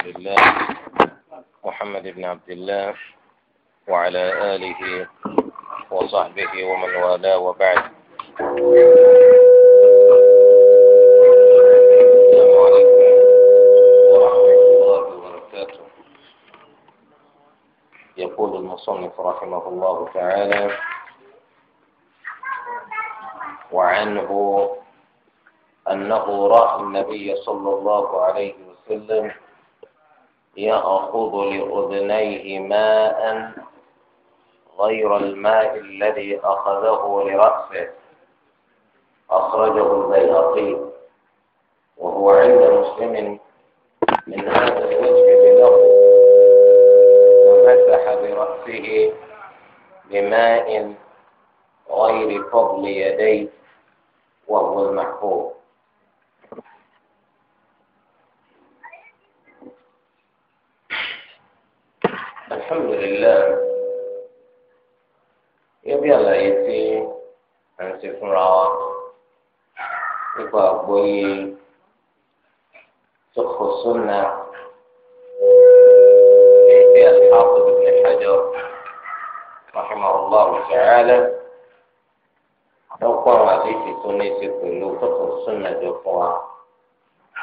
رسول الله محمد بن عبد الله وعلى آله وصحبه ومن والاه وبعد السلام عليكم ورحمة الله وبركاته يقول المصنف رحمه الله تعالى وعنه أنه رأى النبي صلى الله عليه وسلم يأخذ لأذنيه ماء غير الماء الذي أخذه لرأسه أخرجه البيهقي وهو عند مسلم من هذا الوجه بلغه ومسح برأسه بماء غير فضل يديه وهو المحفوظ alhamdulilayi yẹ́n bí àlàyé tí à ń ṣe fúnra wa nípa àgbọ́yé sọ̀kò súnà ẹ̀ẹ́dẹ́ àtàkùn ìgbẹ́sàjọ́ rahimahullah ta'ala wọ́n kọ́ àwọn àdéhìí tó ní í ṣe pẹ̀lú sọ̀kò súnà jọ fún wa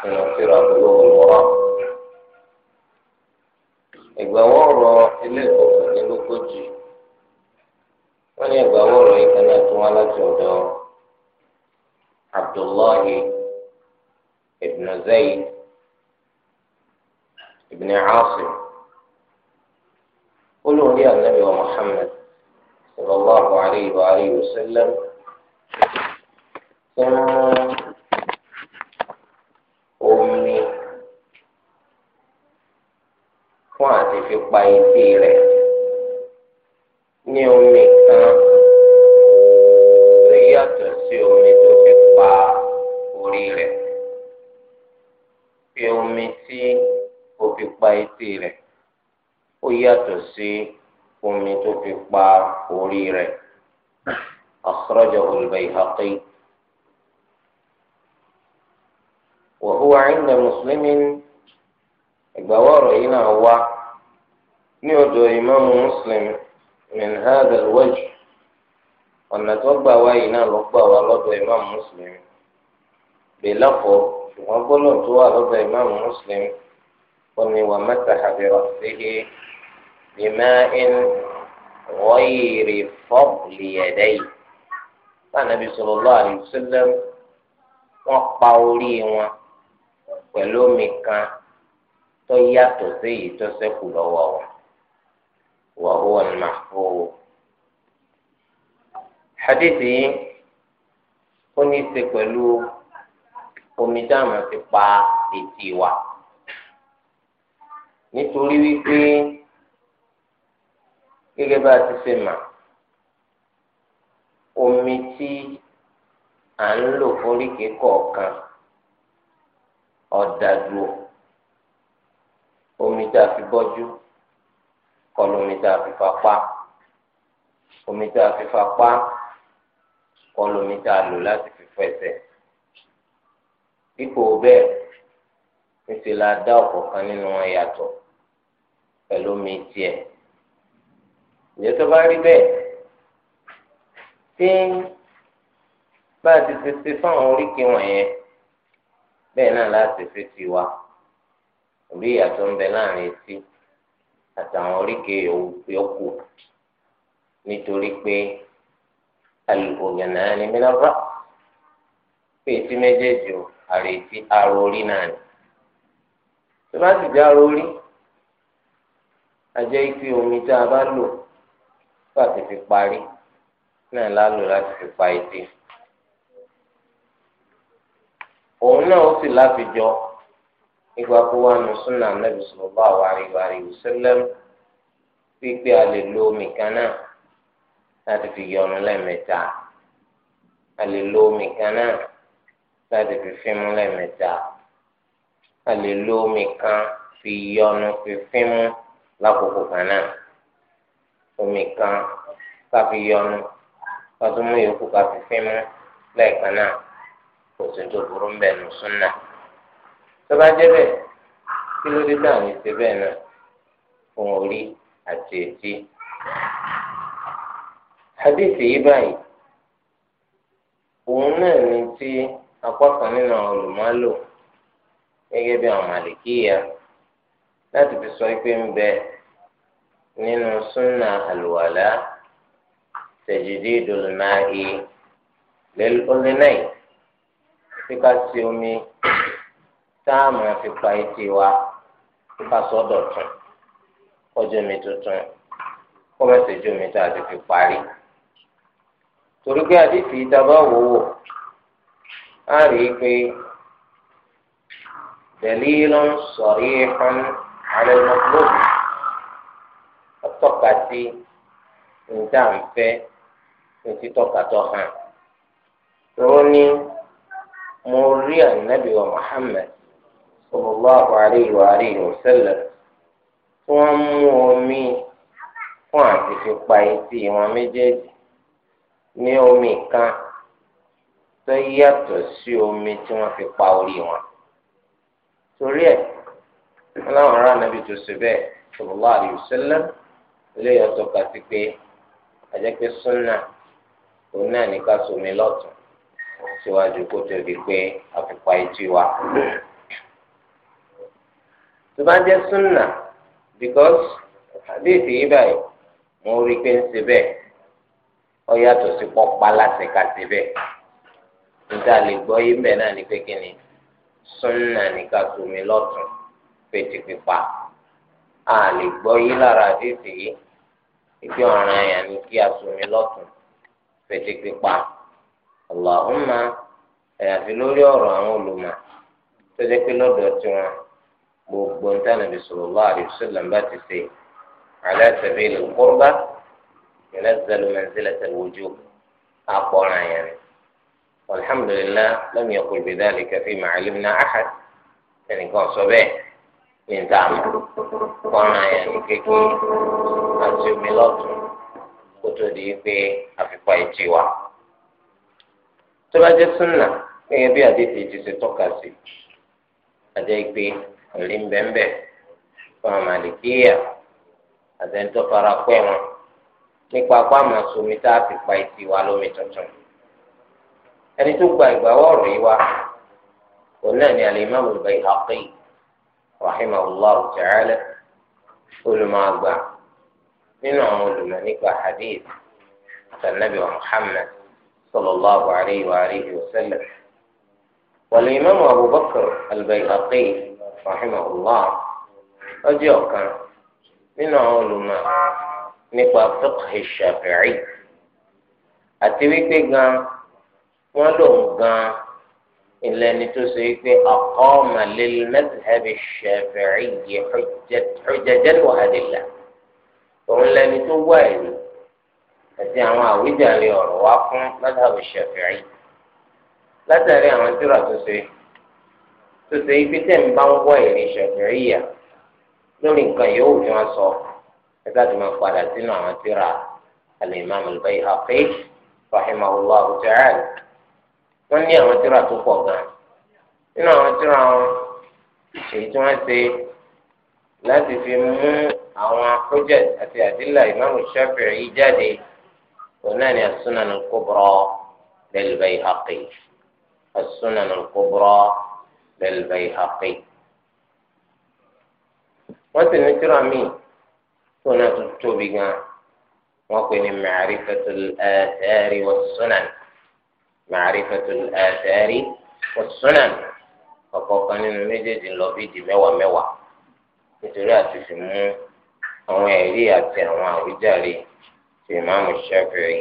nínú síra lówó lọ́wọ́. ìgbàwọ́ ọ̀rọ̀ ilé ìkọkànlélógójì wọ́n ní ìgbàwọ́ ọ̀rọ̀ yìí kan náà tún wá láti ọ̀dọ̀ Abdullahi ibn Zayd ibn Asim olórí anabi wa Muhammad sallallahu alayhi wa alihi wa sallam. fún àti fi pa etí rẹ̀ ní omi kan tó yàtọ̀ sí omi tó fi pa orí rẹ̀ fi omi tí ó fi pa etí rẹ̀ ó yàtọ̀ sí omi tó fi pa orí rẹ̀ akhrajahu al-Bayhaqi. وهو عند مسلم ìgbàwọ́ ọ̀rọ̀ yìí náà wá ní ọ̀dọ̀ ìmáàmù Muslim min hadha al-wajh ọ̀nà tó gbà wá yìí náà ló gbà wá lọ́dọ̀ ìmáàmù Muslim bèlàfọ́ ṣùgbọ́n gbọ́dọ̀ tó wà lọ́dọ̀ ìmáàmù Muslim omi wà mẹ́tàhà bi ra'sihi bima'in ghayri fadli yadayhi Ànábì sallallahu alayhi wa wọ́n pa orí wọn pẹ̀lú omi kan tó yàtọ̀ sí èyí tó ṣẹ́kù lọ́wọ́ wa wà ó wà nínú àpò hadith yìí ó ní í ṣe pẹ̀lú omi dáhùn ti pa etí wa nítorí wípé gẹ́gẹ́ bá a ti ṣe mà omi tí à ń lò foríkèé kọ̀ọ̀kan ọ̀dà omi tá a fi bọ́jú kọlu omi tá a fi pa, omi tá a fi pa, kọlu omi tá a lò láti fi fọ ẹsẹ̀ ipò bẹ́ẹ̀ níṣẹ́ la dá ọ̀kọ̀ọ̀kan nínú wọn yàtọ̀ pẹ̀lú omi tiẹ̀ ìyẹn tó bá rí bẹ́ẹ̀ tí bá a ti ṣe ṣe fáwọn oríkì wọ̀nyẹn bẹ́ẹ̀ náà láti ṣe ti wa orí ìyàtọ̀ ń bẹ láàrin etí àtàwọn oríkèé yòókù nítorí pé alùpùpù ní mílọ́rọ́ pé etí méjèèjì o àrètí aró orí náà ni tó bá sì jẹ́ aró orí a jẹ́ omi tá a bá lò fún àti fi parí náà lálò láti fi pa etí òun náà ó sì láfi jọ nígbà kó wà nù súnà nàbì sallallahu alaihi wa sallam pípé a lè lo omi kan náà láti fi yọnu lẹ́ẹ̀mẹ́ta a lè lo omi kan náà láti fi fímú lẹ́ẹ̀mẹ́ta a lè lo omi kan fi yọnu fi fímú lákòókò kan náà omi kan ká fi yọnu ká tó mú yòókù ká fi fímú lẹ́ẹ̀kan náà kò sí tó burú ń bẹ̀ nù súnà tọ́ba jẹ́ bẹ́ẹ̀ kí ló dé táwọn ètè bẹ́ẹ̀ náà fún orí àti etí. hadith yìí báyìí òun náà ní tí apá kan nínú àwọn olùmọ́lò gẹ́gẹ́ bí àwọn màlìkíyà láti fi sọ pé ń bẹ nínú súnà àlùwàlá tajdidul ma'i lil udhnayn kíkà sí omi. táàmù àfipá etí wa fífa sọ́dọ̀ tún kọjú mi tuntun kó ju mi tó àti fi parí. torí pé àdìsí ìtaba wò wò á rí i pé ala al-matlub ọtọ́ka sí níta ń ní títọ́ka tó hàn. tó ní sallallahu alayhi wa alihi wa sallam tí omi fún àti fi wọn omi sí omi tí wọn fi pa orí wọn torí ẹ̀ wọn ará nàbì tó ṣe bẹ́ẹ̀ sallallahu alayhi wa sallam eléyìí pé súnà ní ká tó bá jẹ́ súnà because àdéhìí yìí báyìí mo rí i pé ń ṣe bẹ́ẹ̀ ọ yàtọ̀ sí pọ́pá láti ká bẹ́ẹ̀ níta lè gbọ́ bẹ́ẹ̀ náà ni pé kí ni súnà ní ká sùnmi lọ́tún a lè gbọ́ yìí lára àdéhìí yìí ọ̀ràn kí a sùnmi lọ́tún pété pípa lórí ọ̀rọ̀ gbogbo ní tànàbí sallallahu alaihi wasallam bá ti ṣe ala sabil al-qurba yunazzalu manzilata al-wujub àpọ̀ràn yẹn ni alhamdulilah lam yaqul bidhalika fima alimna ahad ẹnìkan sọ bẹ́ẹ̀ ní ntàmù kọ́ran yẹn ní kékeré àti omi lọ́tún kó tó di pé àfikún ẹ̀jì wa tó súnà gẹ́gẹ́ bí àdéhùn ti ṣe tọ́ka sí àjẹ́ pé. ɔlí mbɛmbɛ fún amalikiya màlìkíyà àtẹnudọ́ fara pẹ́ wọn nípa pàmò sómi tá a fi pa etí wa lómi tɔtɔ ẹni tó gba ìgbà ọ̀rọ̀ yìí wá òun náà ni al-Imam al-Bayhaqi rahimahullah ta'ala olùmọ̀ àgbà nínú àwọn olùmọ̀ nípa hadith àtànàbí wa Muhammad sallallahu alayhi wa alihi wa sallam wal-Imam abubakar Bakr al rahimahullah ọjọ́ ọ̀kan nínú àwọn olùmọ̀ nípa fiqhi shafi'i àti wípé gan wọ́n lòun gan ìlẹ́ni tó ṣe wípé aqama lil madhhab ash-shafi'i hujjatan wa adillah òun lẹ́ni tó wá ẹ̀rí àti àwọn àwíjàre ọ̀rọ̀ wá fún madhhab ash látàrí àwọn tíra tó ṣe wípé tó ṣe ibi tẹ̀ ń bá ń wọ èrè ṣẹ̀fẹ̀ríyà lórí nǹkan yòówù tí wọ́n sọ ẹ sáà ti máa padà sínú àwọn tíra al-Imam al-Bayhaqi rahimahullahu ta'ala wọ́n ní àwọn tíra tó pọ̀ gan-an nínú àwọn tíra wọn èyí tí wọ́n ṣe láti fi mú àwọn project àti àdílà Imam Shafi'i jáde òun ni as-Sunan al-Kubra lil-Bayhaqi as-Sunan للبيهقي وانت نترى مين هنا تتوبقا وكن معرفة الآثار والسنن معرفة الآثار والسنن فقوقا نمجد لبيد موا موا نترى تسمو àwọn ẹ̀rí àti àwọn àwíjàre ti ìmáàmù Ṣáfi'í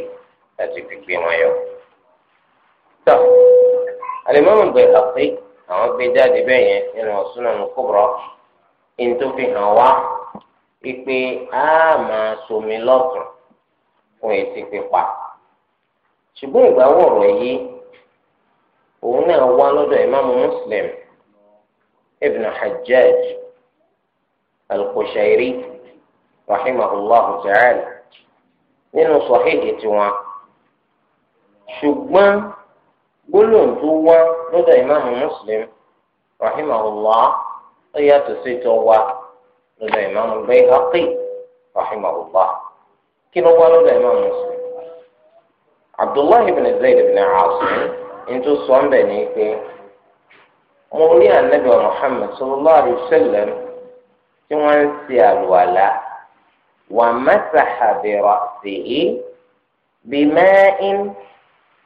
láti fi gbé wọn yọ. tó àlè mọ́mù bẹ̀rẹ̀ àpé àwọn gbé jáde bẹ́ẹ̀ yẹn nínú Sunan Kubra ẹni tó hàn wá pípé somi lọ́tún fún etí pípa ṣùgbọ́n ìgbà wọ̀rọ̀ yìí òun náà wá lọ́dọ̀ ìmáàmù Muslim ibn Hajjaj al-Qushayri rahimahullahu ta'ala nínú sọ̀hídìí tiwọn ṣùgbọ́n gbólóhùn tó wá. lọ́dọ̀ ìmáàmù Muslim rahimahullah ó yàtọ̀ sí tó wá lọ́dọ̀ ìmáàmù Bayhaqi rahimahullah kí ló wá lọ́dọ̀ ìmáàmù Mùsùlùm? Abdullahi Zayd intu ní pé sallallahu alayhi wa sallam tí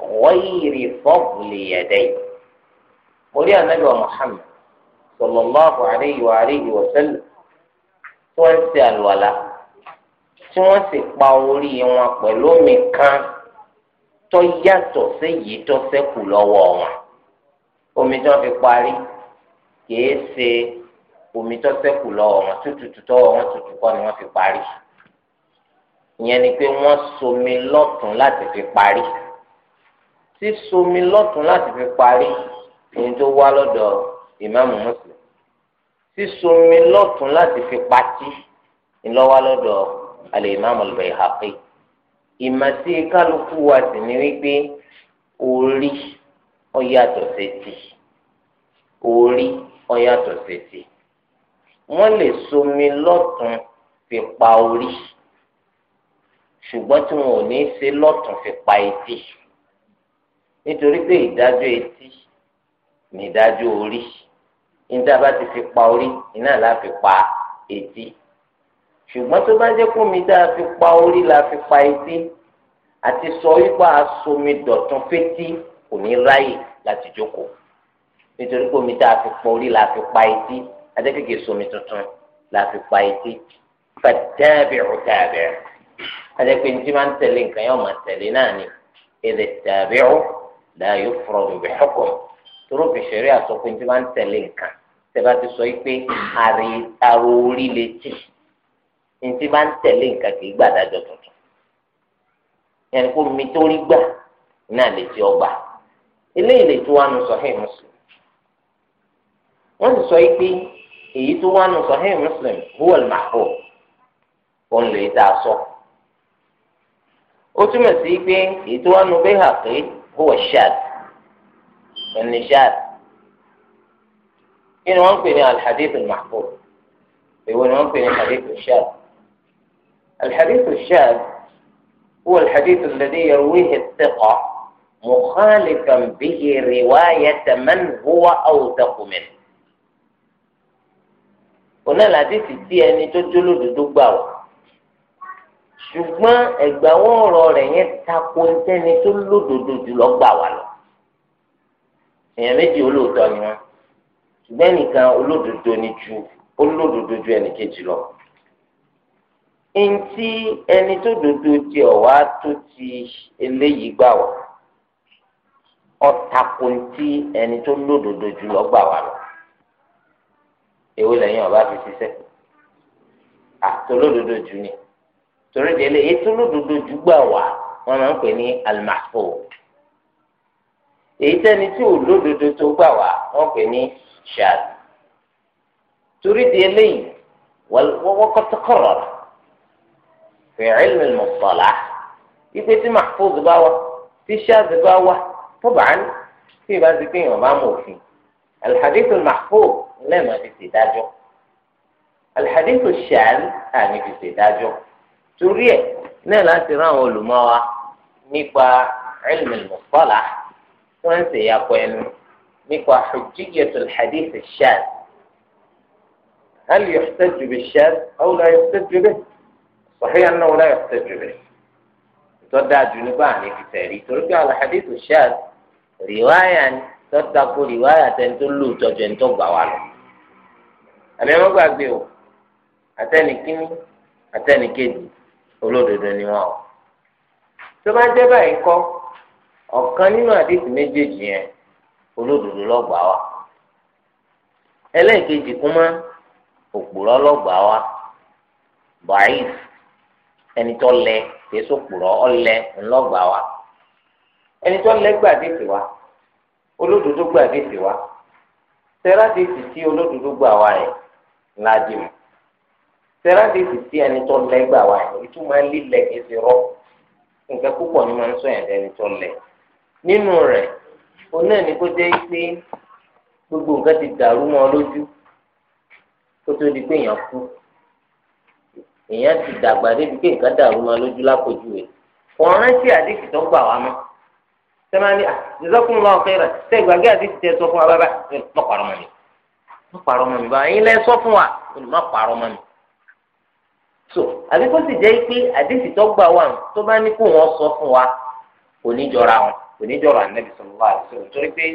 wọ́n wa mo rí ànábì wa Muhammad sallallahu alayhi wa alayhi wa sallam tí wọ́n ń ṣe àlùwàlà tí wọ́n sì pa orí wọn pẹ̀lú omi kan tó yàtọ̀ sí yìí tó ṣẹ́kù lọ́wọ́ wọn omi tí wọ́n fi parí kìí ṣe omi tó ṣẹ́kù lọ́wọ́ wọn tútù tọ́wọ́ wọn tútù kọ́ ni wọ́n fi parí ìyẹn ni pé wọ́n somi lọ́tún láti fi parí sísomi lọ́tún láti fi parí ìyẹn tó wá lọ́dọ̀ ìmáàmù mùsùlùm sísomi lọ́tún láti fi patí ńlọ́wá lọ́dọ̀ alẹ́ ìmáàmù al-Bayhaqi ìmàtí kálukú wa sì ní wípé orí ọ̀yàtọ̀ sétí orí ọ̀yàtọ̀ sétí wọ́n lè somi lọ́tún fi pa orí ṣùgbọ́n tí wọn ò ní í ṣe lọ́tún fi pa etí nítorí pé ìdájọ́ etí nídájú orí níta bá ti fi pa orí iná la fi pa etí ṣùgbọ́n tó bá jẹ́ kó mi dá fi pa orí la fi pa etí àti sọ wípé asomi dọ̀tún fétí kò ní ráyè láti jókòó nítorí pé omi tá a fi pa orí la fi pa etí adékèké somi tuntun la fi pa etí fàtẹ́bìrù tàbẹ̀rù adékèké ní tí máa ń tẹ̀lé nǹkan yóò máa tẹ̀lé náà ni èdè tàbẹ̀rù la yufradu bi hukm tóró fi ṣeré àtọkùn tí wọn ń tẹ̀lé nǹkan tẹbá ti sọ pé àrò orí lè tì ntí bá ń tẹ̀lé nǹkan kì í gbà dájọ́ tuntun yẹn kó mi tó rí gbà náà lè ti ọgbà eléyìí lè tó wà nù Sahih Muslim wọ́n ti sọ pé èyí tó wà nù Sahih Muslim huwa al-mahfuz òun lè dá a sọ ó túmọ̀ sí pé èyí tó wà nù Bayhaqi huwa ash-shadh onishad kí ni wọ́n ń pè ní alhadith mahfuz èwo ni wọ́n ń pè ní alhadith shad alhadith shad هو الحديث الذي يرويه الثقة مخالفا به رواية من هو أوثق منه ònà làdìsí tí ẹni tó jóló dúdú gbà wá ṣùgbọ́n ẹ̀gbàwọ́ ọ̀rọ̀ rẹ̀ yẹn tako ẹni tó lódodo jùlọ gbà wá lọ èèyàn méjì olóòótọ́ ni wọ́n ṣùgbọ́n ẹnìkan olódodo ni ju olódodo ju ẹnìkejì lọ. eŋti ẹni tó dodo tiẹ̀ wá tó ti eléyìí gbà wá ọ̀tàkù ntí ẹni tó lódodo jù lọ gbà wá lọ èwo lẹ́yìn ọba fi ṣiṣẹ́ àtolódodo jù ni torí délé ètò lódodo jù gbà wá wọn máa ń pè ní almahfoud èyí tẹ́ni tí ò lódodo tó gbà wá wọ́n pè ní ṣáàd torí di eléyìí wọ́n kọ́ tọkọ̀rọ̀ fi ilmi al-mustalah ipe tí mahfuz bá wá tí ṣáàd bá wá tab'an tí ìbá ti pín ìwọ̀n bá mú òfin al-hadith al-mahfuz lẹ́ẹ̀ma ti ṣe dájọ́ al-hadith àmì ti ṣe dájọ́ torí ẹ̀ náà láti rán àwọn olùmọ̀ wa nípa ilmi al wọ́n ń ṣèyà pọ̀ ẹnu nípa hujjiyatul hadith shad hal yuhtaju bi shad aw la yuhtaju bi sahih annahu la yuhtaju bi tọ́dájú nígbà níbi tẹ̀rí torí pé al hadith shad rìwáyà tọ́tako rìwáyà tẹ́ntó lù tọ́jú ẹ̀ńtọ́ gbà wà lọ. àmì ẹ̀rọ gbàgbé o àtẹnikíní àtẹnikejì olódodo ni wọn o. tó bá jẹ́ báyìí kọ́ ọ̀kan nínú àdéhùn méjèèjì yẹn olódodo lọ́gbà wa ẹlẹ́ẹ̀kejì kún mọ́ òpùrọ́ lọ́gbà wa bàáyìf ẹni tó lẹ kéésù òpùrọ́ ọlẹ ńlọ́gbà wa ẹni tó lẹ gbà àdéhùn wa olódodo gbà àdéhùn wa tẹ́rádéèsì tí olódodo gbà wá yẹn láàdì mu tẹ́rádéèsì tí ẹni tó lẹ́ gbà wá yẹn ìtumọ̀ lílẹ̀ kìí ṣe rọ́ nǹkan púpọ̀ ni máa ń sọ yẹn dẹni tó lẹ̀ nínú rẹ̀ òun náà ní kó jẹ́ pé gbogbo nǹkan ti dàrú mọ́ ọ lójú kó tó di pé èèyàn kú èèyàn ti dàgbà débi pé nǹkan dàrú mọ́ ọ lójú lápòjú rẹ̀ wọn rántí àdéhùn tó gbà wá mọ́ sẹ́mání àdìsọ́kùn lọ ọ̀fẹ́ rẹ̀ ìgbàgbé àdéhùn tẹ sọ fún wa bàbá má parọ́ mọ́ mi má parọ́ mọ́ mi bá yín lẹ́ sọ fún wa má parọ́ mọ́ mi. so àbí kó sì jẹ́ pé àdéhùn tó gbà wá tó bá ní kó wọ́n sọ fún wa kò ní jọra wọn. oníjọba anabi sọlọlá àdìsọlọ torí pé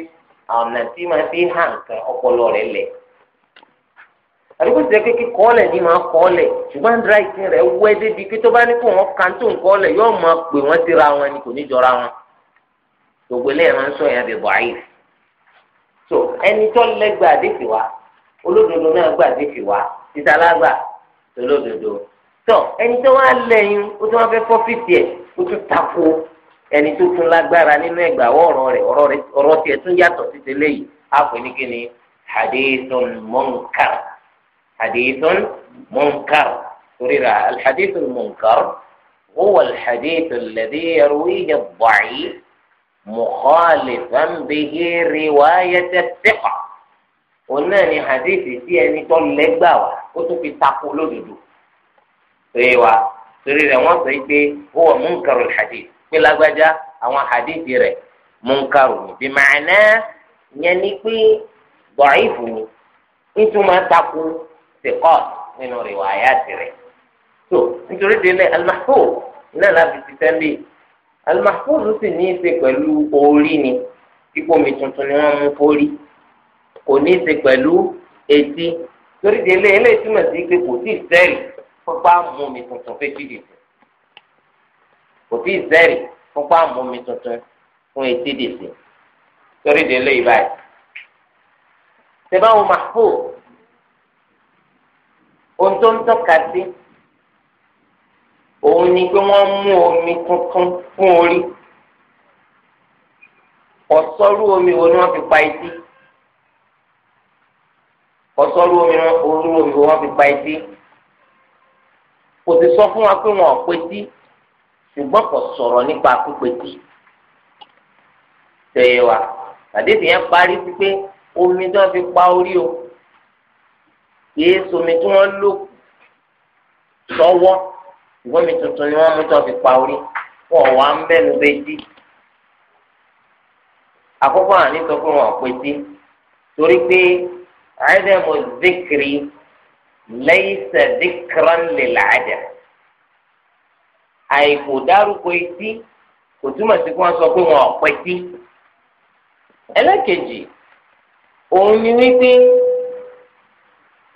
ọ̀nà tí máa fi hàn kan ọpọlọ rẹ lẹ̀ àdúgbò ti jẹ́ pé máa kọọlẹ ṣùgbọ́n handwriting rẹ̀ wẹ́ débi pé tó bá ní kó wọn kan tó nkọ́ọ̀lẹ̀ yóò máa pè síra wọn ni kò ní jọra wọn gbogbo ilé ẹ̀rọ sọ yẹn ayé so ẹni tó lẹ́gbàá àdéfì wa olódodo náà gbà àdéfì wa lágbà tó ẹni tó wá ó tó wá fífi ẹni tó tún lágbára nínú ẹgbà ọ̀rọ̀ rẹ̀ ọ̀rọ̀ tiẹ̀ tún yàtọ̀ sí tẹ́lẹ̀ yìí á pè ní kíni hadithun munkar hadithun munkar torí ra alhadithun munkar huwa alhadithun alladhi yarwihi ad-da'if mukhalifan bihi riwayat ath-thiqa òun náà ni hadithi tí ẹni tó lẹ́gbàá wa ó tún fi takò lódodo pé wa torí rẹ̀ wọ́n sọ pé huwa munkar alhadith pé lágbájá àwọn àdéhìí rẹ̀ múnkàrò ní bí màánà yẹn ni pé bọ̀ọ̀ìfù ni nítumọ̀ takò sèkọ́t nínú rìwáyà tirẹ̀ tó nítorí délé alimahfó náà láti ti tẹ́lẹ̀ alimahfó ló sì ní í ṣe pẹ̀lú orí ni ipò mi tuntun ni wọ́n mú fórí kò ní í ṣe pẹ̀lú etí torí délé eléyìí túmọ̀ sí pé kò tí ì sẹ́ẹ̀lì fúnpá mú mi tuntun fẹ́ jìdìtì kò tí ì sẹ́rì fún páàmù mi tuntun fún etí dèsè torí délé ìbáyìí. sèbáwo màfò ohun tó ń tọ́ka sí òun ni pé wọ́n mú omi tuntun fún orí ọ̀sọ́rú omi wo ni wọ́n fi pa etí ọ̀sọ́rú omi wo ni wọ́n fi pa etí kò sì sọ fún wa pé wọn ò pe etí ṣùgbọ́n kò sọ̀rọ̀ nípa pípetì tẹ̀yẹ wa àdéhùn yẹn parí pípé omi tí wọ́n fi pa orí o kìí somi tí wọ́n lò sọ́wọ́ ṣùgbọ́n mi tuntun ni wọ́n mú tí wọ́n fi pa orí wọ́n wá ń bẹ́nu bẹ́ẹ́dì àkọ́kọ́ àní sọ fún wọn pété torí pé àìsàn mo zikiri lẹ́yìn sẹ́ lè làájà àìkò dárúkọ etí kò túmọ̀ sí kí wọ́n sọ pé wọn ò pẹ́ tí. ẹlẹ́kejì òun ni wípé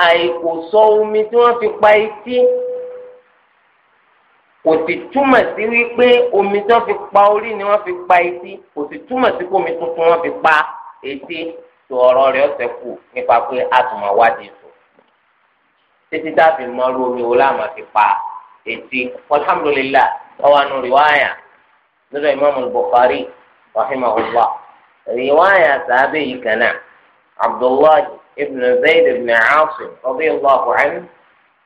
àìkò sọ omi tí wọ́n fi pa etí kò sì túmọ̀ sí wípé omi tí wọ́n fi pa orí ni wọ́n fi pa etí kò sì túmọ̀ sí pé omi tuntun wọ́n fi pa etí tó ọ̀rọ̀ rẹ̀ ọ̀sẹ̀ kù nípa pé àtùmọ̀ wádìí sùn títí tá a omi wo láàmú fi pa etí alhamdulilah ọwọ́ nu riwaya lọ́dọ̀ imaamu bukhari rahimahullah riwaya sàbẹ̀ yìí kan náà abdullahi ibn zayd ibn rabi radiyallahu anhu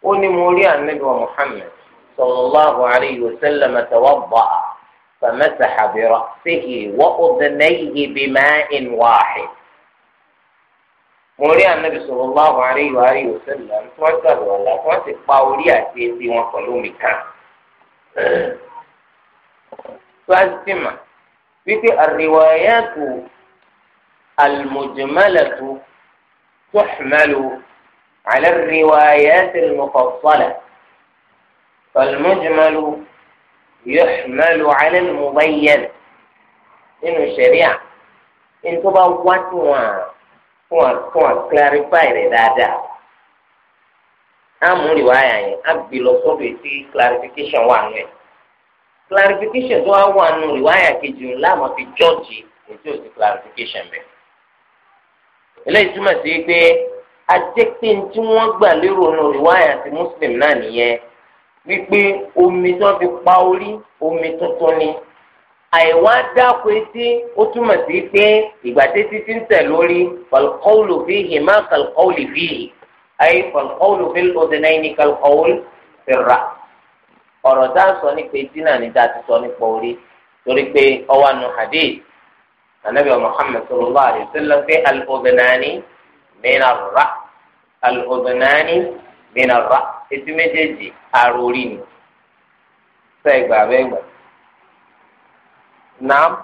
ó ní mo rí anabi wa muhammad sallallahu alayhi wa sallam tawadda famasaxa bi ra'sihi wa udnayhi bima'in waaxid. mo rí ànábì sallallahu alaihi wa alihi wasallam tí wọ́n sàlù ọ̀la tí wọ́n sì pa orí àti etí wọn pẹ̀lú omi kan. plasma wípé ar-riwayatu al-mujmalatu tuhmalu ala ar-riwayat al-mufassala fal-mujmalu nínú ṣẹ̀ríà ní tó bá wá tí wọ́n fún wa fún wa clarify rẹ̀ dáadáa àmú rìwáyà yẹn á bì lọ sọ́dọ̀ etí clarification wà nù ẹ̀ clarification tó wá wà nù klarifikashọn kejì ńlá àmọ́ fi jọ́ọ̀jì ètò òsì clarification bẹ̀. eléyìí túmọ̀ sí muslim náà nìyẹn wípé omi tó fi pa orí omi tuntun ni. àìwá dáko etí ó túmọ̀ sí pé ìgbà títí ti ń tẹ̀ lórí falkọ́ọ̀lù fi hì má falkọ́ọ̀lù fi hì ayé falkọ́ọ̀lù fi lọ́dẹ náà ní falkọ́ọ̀lù fi rà ọ̀rọ̀ tá a sọ nípa etí náà ní dáa ti sọ nípa orí torí pé ọwọ́ àánú hadith anabi muhammed sallallahu alayhi wa sallam fi alọ́dẹ̀nàní mìíràn rà alọ́dẹ̀nàní mìíràn rà etí méjèèjì arórí ni sẹ́gbàá bẹ́ẹ̀ gbàá nam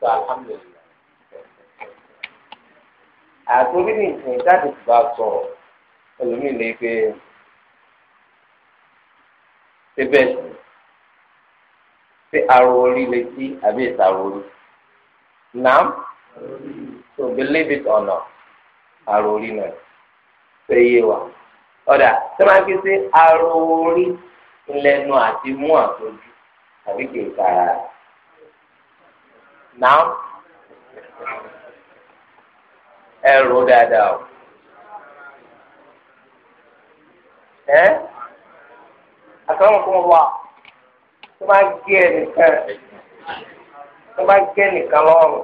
tó alhamdulilayi àtòrí ní ìsìn jáde tó bá sọ ẹlòmíì lè gbé síbẹ̀ sí aró orí létí àbí ìsàrò orí nam so believe it or not aró orí náà ṣe yé wa ọ̀dà tí wọ́n á ké sí aró orí ńlẹ́nu àti mú àtọ́jú àbí kìí kára rẹ̀. náà ẹrù dáadáa o ẹ àtàwọn wa tó bá gé ẹnìkan tó bá gé ẹnìkan lọ́rùn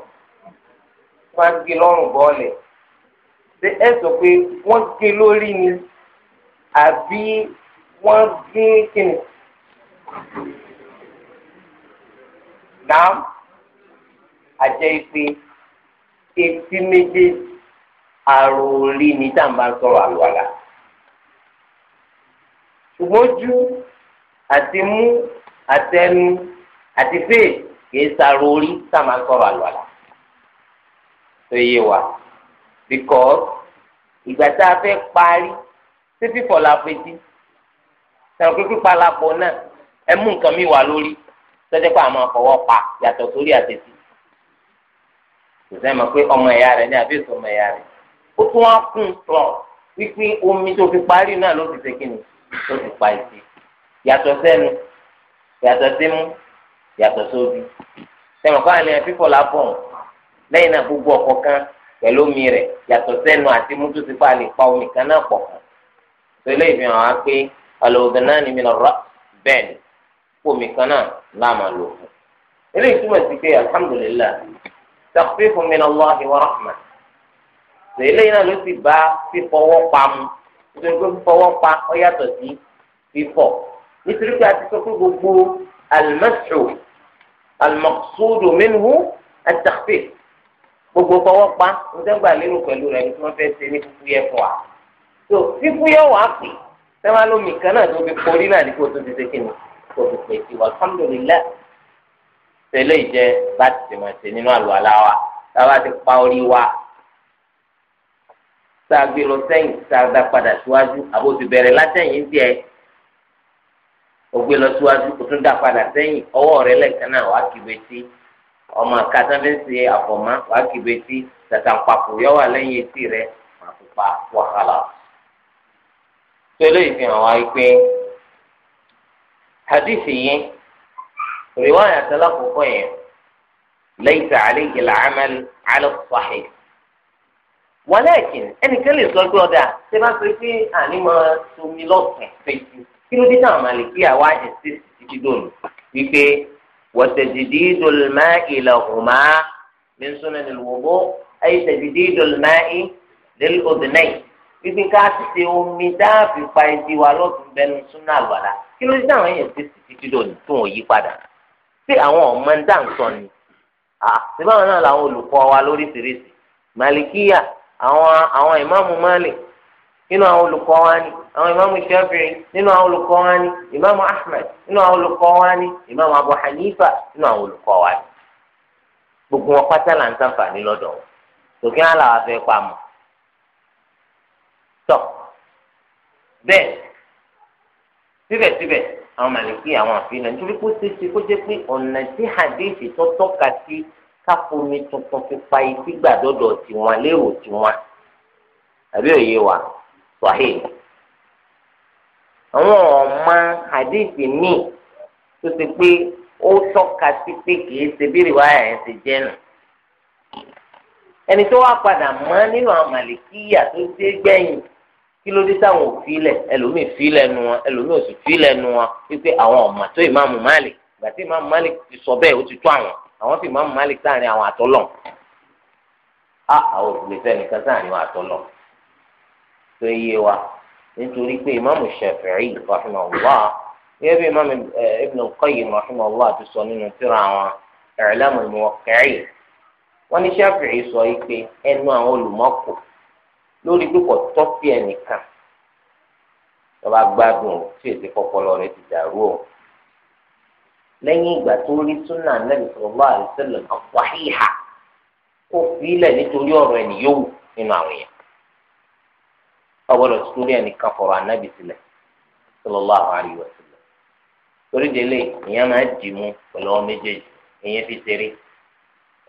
tó bá gé lọ́rùn bọ́ọ̀lì ẹ sọ pé wọ́n gé lórí ni àbí wọ́n gé kíni náà. àjẹ́ ife etí méjèèjì àròrí ni tá à ń bá sọ̀rọ̀ àlùwàlà. ṣùgbọ́n ojú àti mú àtẹnu àti fèè kìí sàròrí tá à máa sọ̀rọ̀ àlùwàlà. tó yé wa because ìgbà tá a fẹ́ parí sí fífọ̀ la fetí sọ̀rọ̀ pé pípa la pọ̀ náà ẹ mú nǹkan mi wà lórí sọ́jọ́ pé a máa pa yàtọ̀ sórí àtẹ̀sí kò sẹ́yìn mọ̀ pé ọmọ ẹ̀yà rẹ̀ ní àbí èso ọmọ ẹ̀yà rẹ̀ ó tún wá kún lọ wípé omi tó fi parí náà ló ti ṣe kí ni ló ti pa ìdí yàtọ̀ sẹ́nu yàtọ̀ símú yàtọ̀ sóbi sẹ́yìn mọ̀ káwọn ènìyàn fífọ̀ lábọ̀ lẹ́yìn náà gbogbo ọ̀kọ̀ kan pẹ̀lú omi rẹ̀ yàtọ̀ sẹ́nu àti mú tó ti pa lè pa omi kan náà pọ̀ kan tó ilé ìfihàn wá pé alòògùn náà ni mi lọ rà bẹ́ẹ̀ omi kan náà láàmà alhamdulillah takhfifun min Allahi wa rahmah lèlẹ́ iná ló ti bá fífọwọ́ pa mu nítorí pé fífọwọ́ pa ọ yàtọ̀ sí fífọ̀ nítorí pé a ti sọ pé gbogbo al-mashu al-maqsudu minhu at-takhfif gbogbo fọwọ́ pa ń sẹ́gbà lérò pẹ̀lú rẹ̀ ní tí wọ́n fẹ́ ṣe ní fúfúyẹ́ fún wa tó fífúyẹ́ wà á pè sẹ́wọ́n alómi kan náà tó fi porí náà ní kó tó ti ṣe kíni kó tó pè sí wa alhamdulillah tẹ́lẹ̀ jẹ láti tẹmọ ẹsẹ nínú àlùwàlá wa táwa ti pa orí wa tá a gbé lọ sẹ́yìn tá a dá padà síwájú àbò ti bẹ̀rẹ̀ látẹ̀yìn díẹ̀ o gbé lọ síwájú o tún dá padà sẹ́yìn ọwọ́ rẹ̀ lẹ́ẹ̀kan náà wàá kí betí ọmọ kátàfẹsẹ àfọmọ wàá kí betí tàtàǹpapò yọwà lẹ́yìn etí rẹ̀ wàá pupa wàhálà tẹ́lẹ̀ ìfihàn wa yìí pé hadith yìí. رواية تلقفين ليس عليه العمل على الصحيح ولكن أنا كان لي سؤال كده سبعة سنين أنا ما سومي لوسه kí ló dé táwọn màlìkí àwa ẹ̀sìn títí dòní wípé wọ́tẹ̀dìdì ìdòlùmá ìlọ̀hùnmá ní súnmọ́ ìlúwòbó ayé tẹ̀dìdì ìdòlùmá ì lẹ́lọ́dúnẹ́ì wípé ká ṣe omi dáàbì pa ẹbí wa lọ́tún bẹnu súnmọ́ àlùwàlá kí ló dé táwọn ẹ̀sìn títí dòní tó wọ́n yí padà ṣé àwọn ọmọ ń dà ń sọ ni àtìmọ́ àwọn náà làwọn olùkọ́ wa lóríṣiríṣi màlìkíyà àwọn àwọn ìmáàmù málì nínú àwọn olùkọ́ wa ni àwọn ìmáàmù shafi'i nínú àwọn olùkọ́ wa ni ìmáàmù ahmed nínú àwọn olùkọ́ wa ni ìmáàmù abu hanifa nínú àwọn olùkọ́ wa ni gbogbo wọn pátá là ń sàǹfààní lọ́dọ̀ wọn tòkí wọn làwọn afẹ́ pamọ́ tọ́ bẹ́ẹ̀ síbẹ̀síbẹ̀ àwọn màlìkí àwọn àfihàn nítorí kó ṣeéṣe kó jẹ́ pé ọ̀nà tí hadithi tó tọ́ka sí káfomi tuntun fi pa ikú gbàdọ́dọ̀ tiwọn lérò tiwọn àbí òye wa sọ̀hìn àwọn ọ̀ma hadithi míì tó ti pé ó tọ́ka sí pé kìí ṣe bí rìwáyà yẹn ṣe jẹ́ nù ẹni tó wá padà mọ́ nínú àwọn màlìkí yà tó dé gbẹ̀yìn kí ló dé táwọn ò filẹ̀ ẹlòmíì filẹ̀ nu wọn ẹlòmíì ò sì filẹ̀ nu wọn wípé àwọn ọmọ tó ìmáàmù Malik ìgbà tí ìmáàmù Malik ti sọ bẹ́ẹ̀ ó ti tó àwọn àwọn fi ìmáàmù Malik sáàrin àwọn àtọ́lọ̀ á àwọn òfìlẹ̀ fẹ́nìkan sáàrin àwọn àtọ́lọ̀ tó yé wa nítorí pé ìmáàmù Shafi'i rahimahullah gẹ́gẹ́ bí ìmáàmù Ibn al-Qayyim rahimahullah ti sọ nínú tírà àwọn I'lam al-Muwaqqi'in wọ́n ní Shafi'i sọ yìí pé ẹnu àwọn olùmọ́kò lórí pípọ̀ tọ́sí ẹnìkan lọ́ba gbádùn tí èsì kọ́kọ́lọ́ rẹ ti dàrú o lẹ́yìn ìgbà tó rí súnà nẹ́bí sallallahu alaihi wasallam sahiha kó fílẹ̀ nítorí ọ̀rọ̀ ẹni yóò nínú àwọn èèyàn ọgbọ́dọ̀ sórí ẹnìkan fọ̀rọ̀ ànábì sílẹ̀ torí délé ìyẹn máa dì mú pẹ̀lú ọmọ méjèèjì ìyẹn fi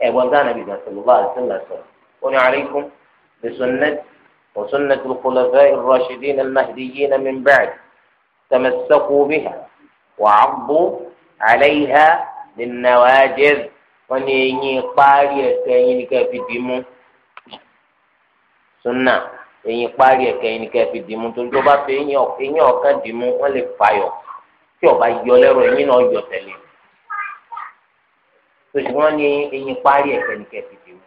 ẹ̀gbọ́n ó ní وسنة الخلفاء الراشدين المهديين من بعد تمسكوا بها وعضوا عليها بالنواجذ wọ́n eyín parí ẹ̀ka ẹ̀yìn ni ká fi dìímú súnà eyín parí ẹ̀ka ẹ̀yìn ni ká fi dìímú torí tó bá fi eyín ọ̀kan dìímú wọ́n lè fàyọ̀ tí ọba yọ lẹ́rọ ẹ̀yìn náà yọ tẹ̀lé tòṣùwọ́n ní eyín parí ẹ̀ka ẹ̀yìn ká fi dìímú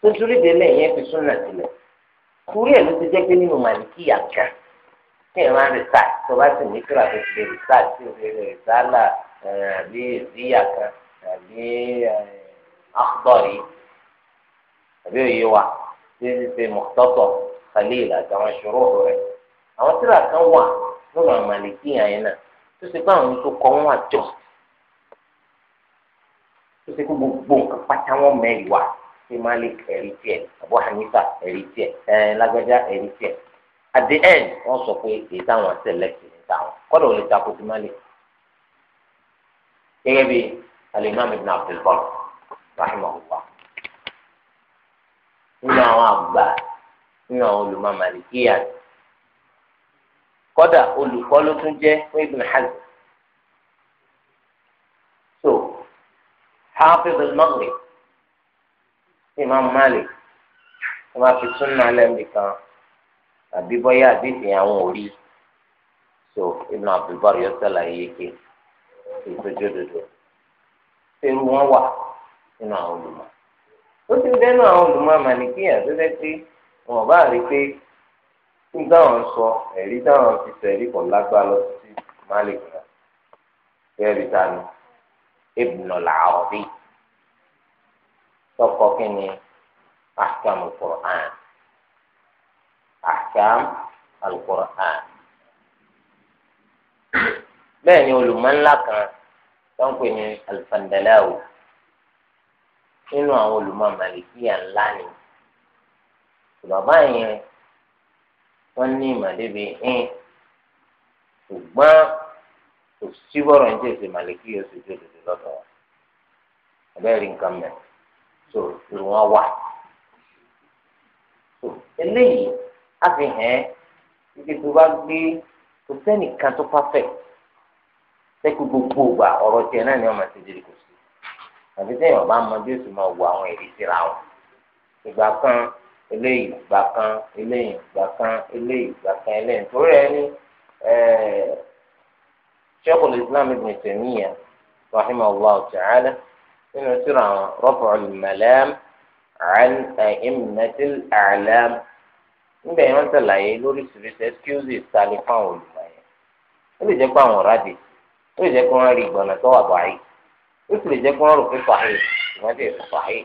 tó torí délé ẹ̀yìn ẹ̀ fi súnà sílẹ̀ torí ẹ̀ ló ti jẹ́ pé nínú màlìkíyà kan tí ẹ̀ máa ń research tó bá sì ní kíra tó ti lè research tí o lè rẹ̀ sálà àbí ìdíyà kan àbí akhdari àbí òye wa tí ti ṣe mọ̀tọ́tọ̀ khalil àtàwọn ìṣòro rẹ̀ àwọn tíra kan wà nínú màlìkíyà yẹn náà tó ṣe pé àwọn tó kọ́ wọn àjọ tó ṣe pé gbogbo nǹkan pátá wọn mẹ́rin wà. sí malik abụọ tiẹ̀ abu hanifa ẹ̀rí eh, at the end sọ pé èyí táwọn select ní táwọn kọ́dọ̀ wọlé takò sí malik gẹ́gẹ́ bí alimami ibn abdul bar nínú àwọn àgbà nínú àwọn olùmọ̀ malikiya kọ́dà olùkọ́ ló tún jẹ́ fún Imam Malik wọ́n bá fi súnà lẹ́mí kan tàbí bọ́yá àdéhùn àwọn òrí so Ibn Abdul Barr yóò sàlàyé yéke ìtọ́jú òdodo ṣerú wọn wà nínú àwọn olùmọ̀ ó ti dẹnu àwọn olùmọ̀ àmàlìkíyàn tó fẹ́ pé wọn bá rí pé ń dáhùn sọ ẹ̀rí dáhùn ti sọ ẹ̀rí kò lágbára lọ sí Malik náà bẹ́ẹ̀ rí tánu Ibn al-Arabi tọkọ kínní ahkam al-Qur'an ahkam al-Qur'an bẹ́ẹ̀ ni olùmọ̀ńlá kan tó ń pè ní al-Fandalawi nínú àwọn olùmọ̀ màlìkíyà ńlá ni bàbá yẹn wọ́n ní màdébí ẹn ṣùgbọ́n kò síbọrọ ní tẹsí màlìkíyà oṣù tó dòdò lọ́dọ̀ wọn abẹ́rẹ́ nǹkan mẹ́rin. so ni wọ́n so eléyìí á fi hàn ẹ́ títí tó bá gbé kò sẹ́nìkan tó perfect sẹ́kù gbogbo ọ̀rọ̀ tiẹ̀ náà ni wọ́n máa ti di kò sí àbí sẹ́yìn ọ̀bá mọ bí máa wo àwọn èdè síra wọn ìgbà kan eléyìí ìgbà kan eléyìí ìgbà kan eléyìí ìgbà kan eléyìí torí ẹ ní ṣẹ́kùn Islam nínú tírà àwọn Raf'ul Malam an a'immatil a'lam níbẹ̀ yẹn wọ́n ṣàlàyé lórí ṣùgbọ́n ẹ́skúzì sálí fún àwọn olùmọ̀ yẹn ó lè jẹ́ pé àwọn ọ̀rádì ó lè jẹ́ pé wọ́n rí ìgbọ̀nà tó wà báyìí ó sì lè jẹ́ pé wọ́n rò pé fàáyì ìwọ́n ti rò fàáyì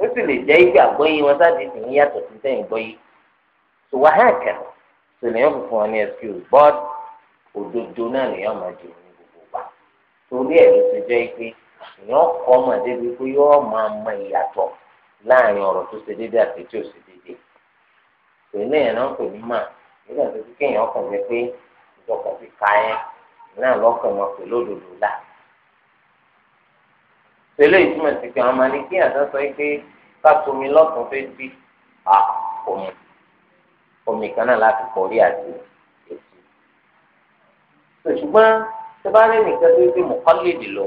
ó sì lè jẹ́ ìgbà gbọ́yé wọn sáàdì sì ń yàtọ̀ sí sẹ́yìn gbọ́yé tó wá hàn kàn tó lè yàn fún wọn ní excuse but òdodo náà lè yàn máa jù ní gbogbo wa torí ẹ̀ ló ti jẹ́ pé èèyàn kọ́ ọmọ débi pé yóò máa mọ ìyàtọ̀ láàrin ọ̀rọ̀ tó ṣe déédéé àti tí ò ṣe déédéé pẹ̀lú èèyàn náà kò ní mà nígbà tó ti kéèyàn kàn jẹ́ pé ìjọba ti ka ẹ́ náà lọ́kàn wọn pẹ̀lú òdòdó là pẹ̀lú ìtumọ̀ sí pé àwọn máa kí àtọ́ pé ká tomi lọ́kàn fẹ́ bí a omi omi kan náà láti kọrí àti èsì ṣùgbọ́n tí bá rí nìkan tó ti mọ̀kọ́lẹ́dì lọ.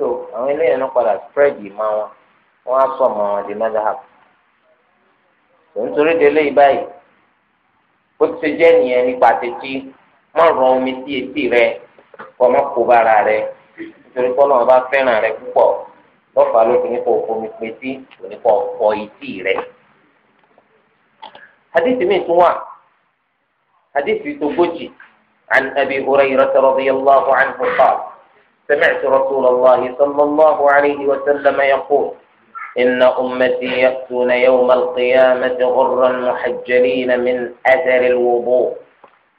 so àwọn eléyìí ló padà spread ìmọ̀ wọn wọ́n á sọ ọmọ wọn di mazahab tó ń torí de eléyìí báyìí ó ti jẹ́ nìyẹn nípa tètè má rọ omi sí etí rẹ kọ́ má kó bára rẹ nítorí pé bá fẹ́ràn rẹ púpọ̀ lọ́fàá ló ní kó omi pé kò ní kó fọ etí rẹ. سمعت رسول الله صلى الله عليه وسلم يقول إن أمتي يأتون يوم القيامة غرا محجلين من أثر الوضوء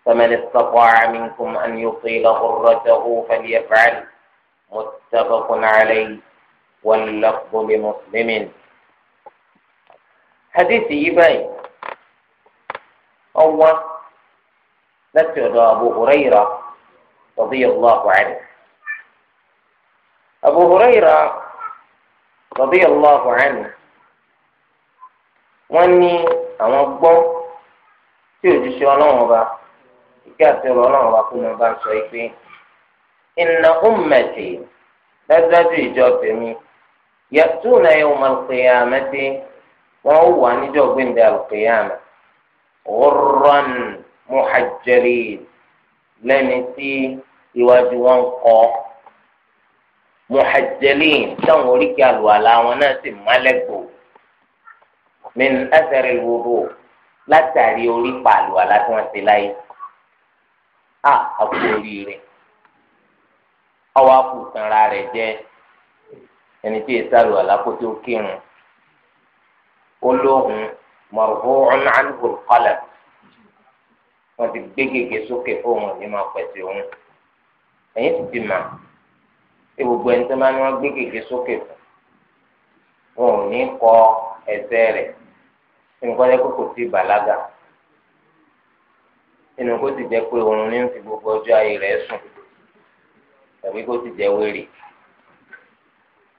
فمن استطاع منكم أن يطيل غرته فليفعل متفق عليه واللفظ لمسلم حديث يبين أول نتعد أبو هريرة رضي الله عنه Abu Hurairah radiyallahu anhu wọ́n ní àwọn gbọ́ tí òjúṣe ọlọ́run ọba ìgbà tí ọlọ́run ọba kú máa bá inna ummati dájúdájú ìjọ tèmi ya'tuna yawma al-qiyamati iwajuwan muhajjalin táwọn oríkì àlùwàlà wọn náà sì málẹ́gbò min athari wudu látàrí orí pa àlùwàlà tí wọ́n ti láyé a àkùkù oríire ọwọ́ àkù tanra rẹ̀ jẹ́ ẹni tí èsì àlùwàlà kó tó kírun olóhùn marfu'un anhu al-qalam ti gbé sókè fóun ní ma pẹ̀sẹ̀ òun ẹ̀yìn ti ti mà tí gbogbo ẹni tó máa ní wọn gbé kèké sókè fún wọn ò ní kọ ẹsẹ̀ rẹ̀ nínú kọ́ jẹ́ pé kò sí bàlágà nínú kó sì jẹ́ pé oorun ní fi gbogbo ọjọ́ ayé rẹ̀ sùn tàbí kó sì jẹ́ wèrè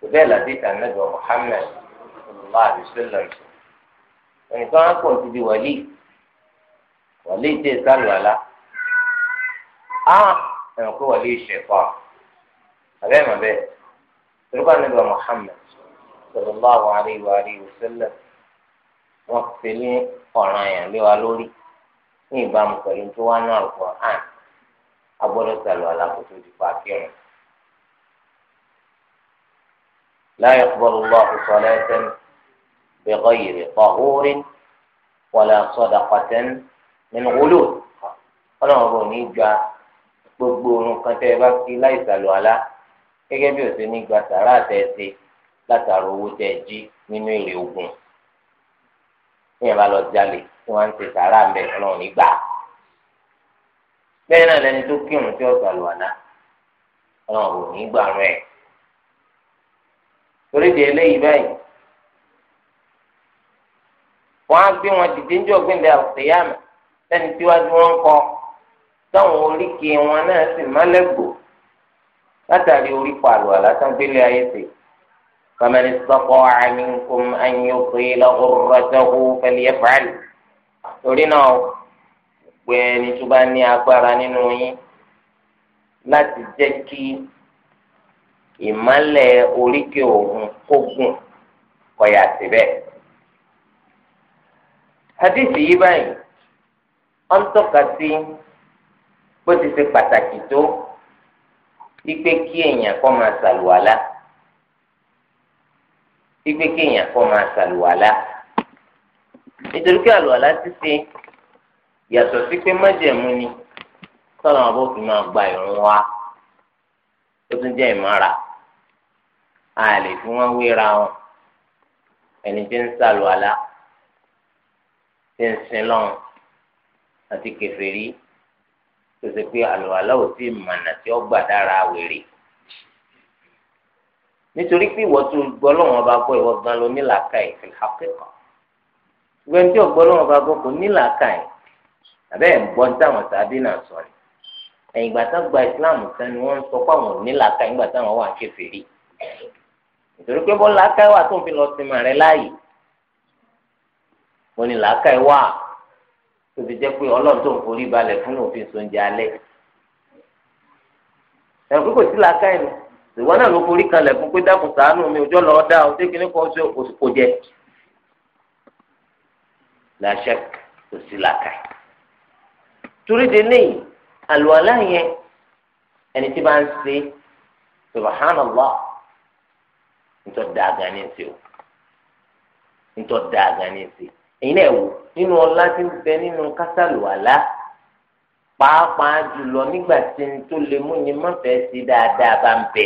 kò bẹ́ẹ̀ láti ìtànẹ́gbọ̀n Muhammad ọ̀nà àdìsílẹ̀ ẹnìkan á pọ̀ ti di wàlíì wàlíì jẹ́ ìsàlùwàlá á ẹ̀rọ pé wàlíì ṣẹ̀fọ́ abẹ́ mọ̀ bẹ́ẹ̀ turuka nabi wa Muhammad sallallahu alayhi wa alayhi wa sallam wọ́n fi ní ọ̀ràn yẹn lé wa lórí ní ìbámu pẹ̀lú tó wá náà kọ hàn agbọ́dọ̀ sàlù alákòótó di pàkírun. la yaqbalu Allahu salatan bighayri tahurin wala sadaqatan min ghulul ọlọ́run ò ní gba gbogbo orun kan tẹ́ ẹ bá fi láì sàlù alá gẹ́gẹ́ bí òsè ní gba sàrà àtẹ̀sẹ̀ látara owó tẹ̀ jí nínú èrè ogun ìyẹn bá lọ jalè tí wọ́n ń ṣe sàrà mbẹ́ ọlọ́run nígbà bẹ́ẹ̀ náà lẹni tó kírun tí ọ̀sà lù àná ọlọ́run ò ní gbà rẹ̀ torí di eléyìí báyìí wọ́n á gbé wọn dìde ní ọ̀gbìnlẹ̀ àwòsíyàmù lẹ́ni tí wájú wọn kọ táwọn oríkèé wọn náà sì má lẹ́gbọ̀ọ́ látàrí orí pàlọ àlásángbélé ayé sè kàmẹni sọkọ àmínkùn anyọkùnrin lọkùnrọtẹkù fẹlẹ fàálì torí náà gbẹ ẹni tó bá ní agbára nínú yín láti jẹ kí ìmálẹ oríkè òun kó gùn kọyà síbẹ̀. hadith yìí báyìí ó tọ́ka sí bó ti ṣe pàtàkì tó ipe kí èèyàn kọ́ máa ṣàlùwàlá ipe kí èèyàn kọ́ máa ṣàlùwàlá nítorí kí àlùwàlá ṣíṣe yàtọ̀ sí pé májẹ̀mú ni tọ́lọ́ àbọ̀ fi máa gba ìrún wa ó tún jẹ́ ìmọ̀ra a lè fi wọ́n wéra wọn ẹni tí ń ṣàlùwàlá tí ń sin lọ́run àti kèfèrí tòṣe pé àlùwàlá ò tí mànà tí ó gbà dára wèrè nítorí pé ìwọ tó gbọ́ lọ́wọ́ bá gbọ́ ìwọ gan ló nílàáka ẹ̀ fi hàkẹ́kọ̀ọ́ ìwẹ́ni tí ọ̀gbọ́ lọ́wọ́ bá gbọ́ kò nílàáka ẹ̀ àbẹ́ ẹ̀ ń gbọ́ táwọn sábẹ́ náà sọ ni ẹ̀yìn ìgbà tá gba Islam tán ni wọ́n ń sọ pé àwọn ò nílàáka ìgbà táwọn wà ń kèfèrí nítorí pé bọ́lá ká wà tó ń fi lọ sinmi rẹ láàyè mo ní làákà wà tó fi jẹ́ pé ọlọ́run tó ń forí balẹ̀ fún òfin sóúnjẹ alẹ́ ẹ̀rọ kò sí làákà ẹ̀ ìwọ náà ló forí kanlẹ̀ fún pé dákun ṣàánú mi òjò lọ́ọ́ dá ọtí kìíní kan ṣe kò jẹ làṣẹ kò sí làákà ẹ̀ torí de lẹ́yìn àlùwàlá yẹn ẹni tí bá ń ṣe subhanallah nítorí dáa ní ṣe o nítorí dáa ní ṣe o èyí náà wò nínú ọlá tí ń bẹ nínú kásálù àlá pàápàá jùlọ nígbà tí n tó lè mú ni má fẹ́ sí dáadáa bá ń bẹ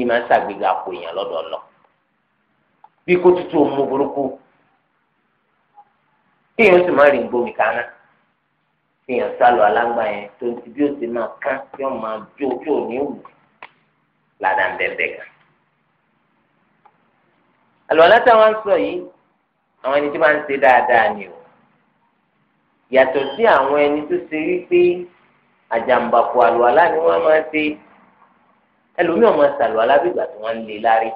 ìmọ̀ ń ṣàgbéga kò yàn lọ́dọ̀ lọ bí kò tútù mú burúkú kéèyàn sì má rí gbomi kaná kéèyàn sálọ alágbá yẹn tó ti bí ó ti máa kán kí wọ́n máa jó tí ò wù ládàá ń bẹ́ẹ̀ bẹ́ẹ̀ kan. àlùwàlá táwọn ń sọ yìí àwọn ẹni tí máa ń ṣe dáadáa ni o yàtọ̀ sí àwọn ẹni tó ṣe wípé àjàmbàpọ àlùwàlá ni wọ́n máa ṣe ẹlòmíràn máa ṣàlùwàlá bí ìgbà tí wọ́n ń lé lárí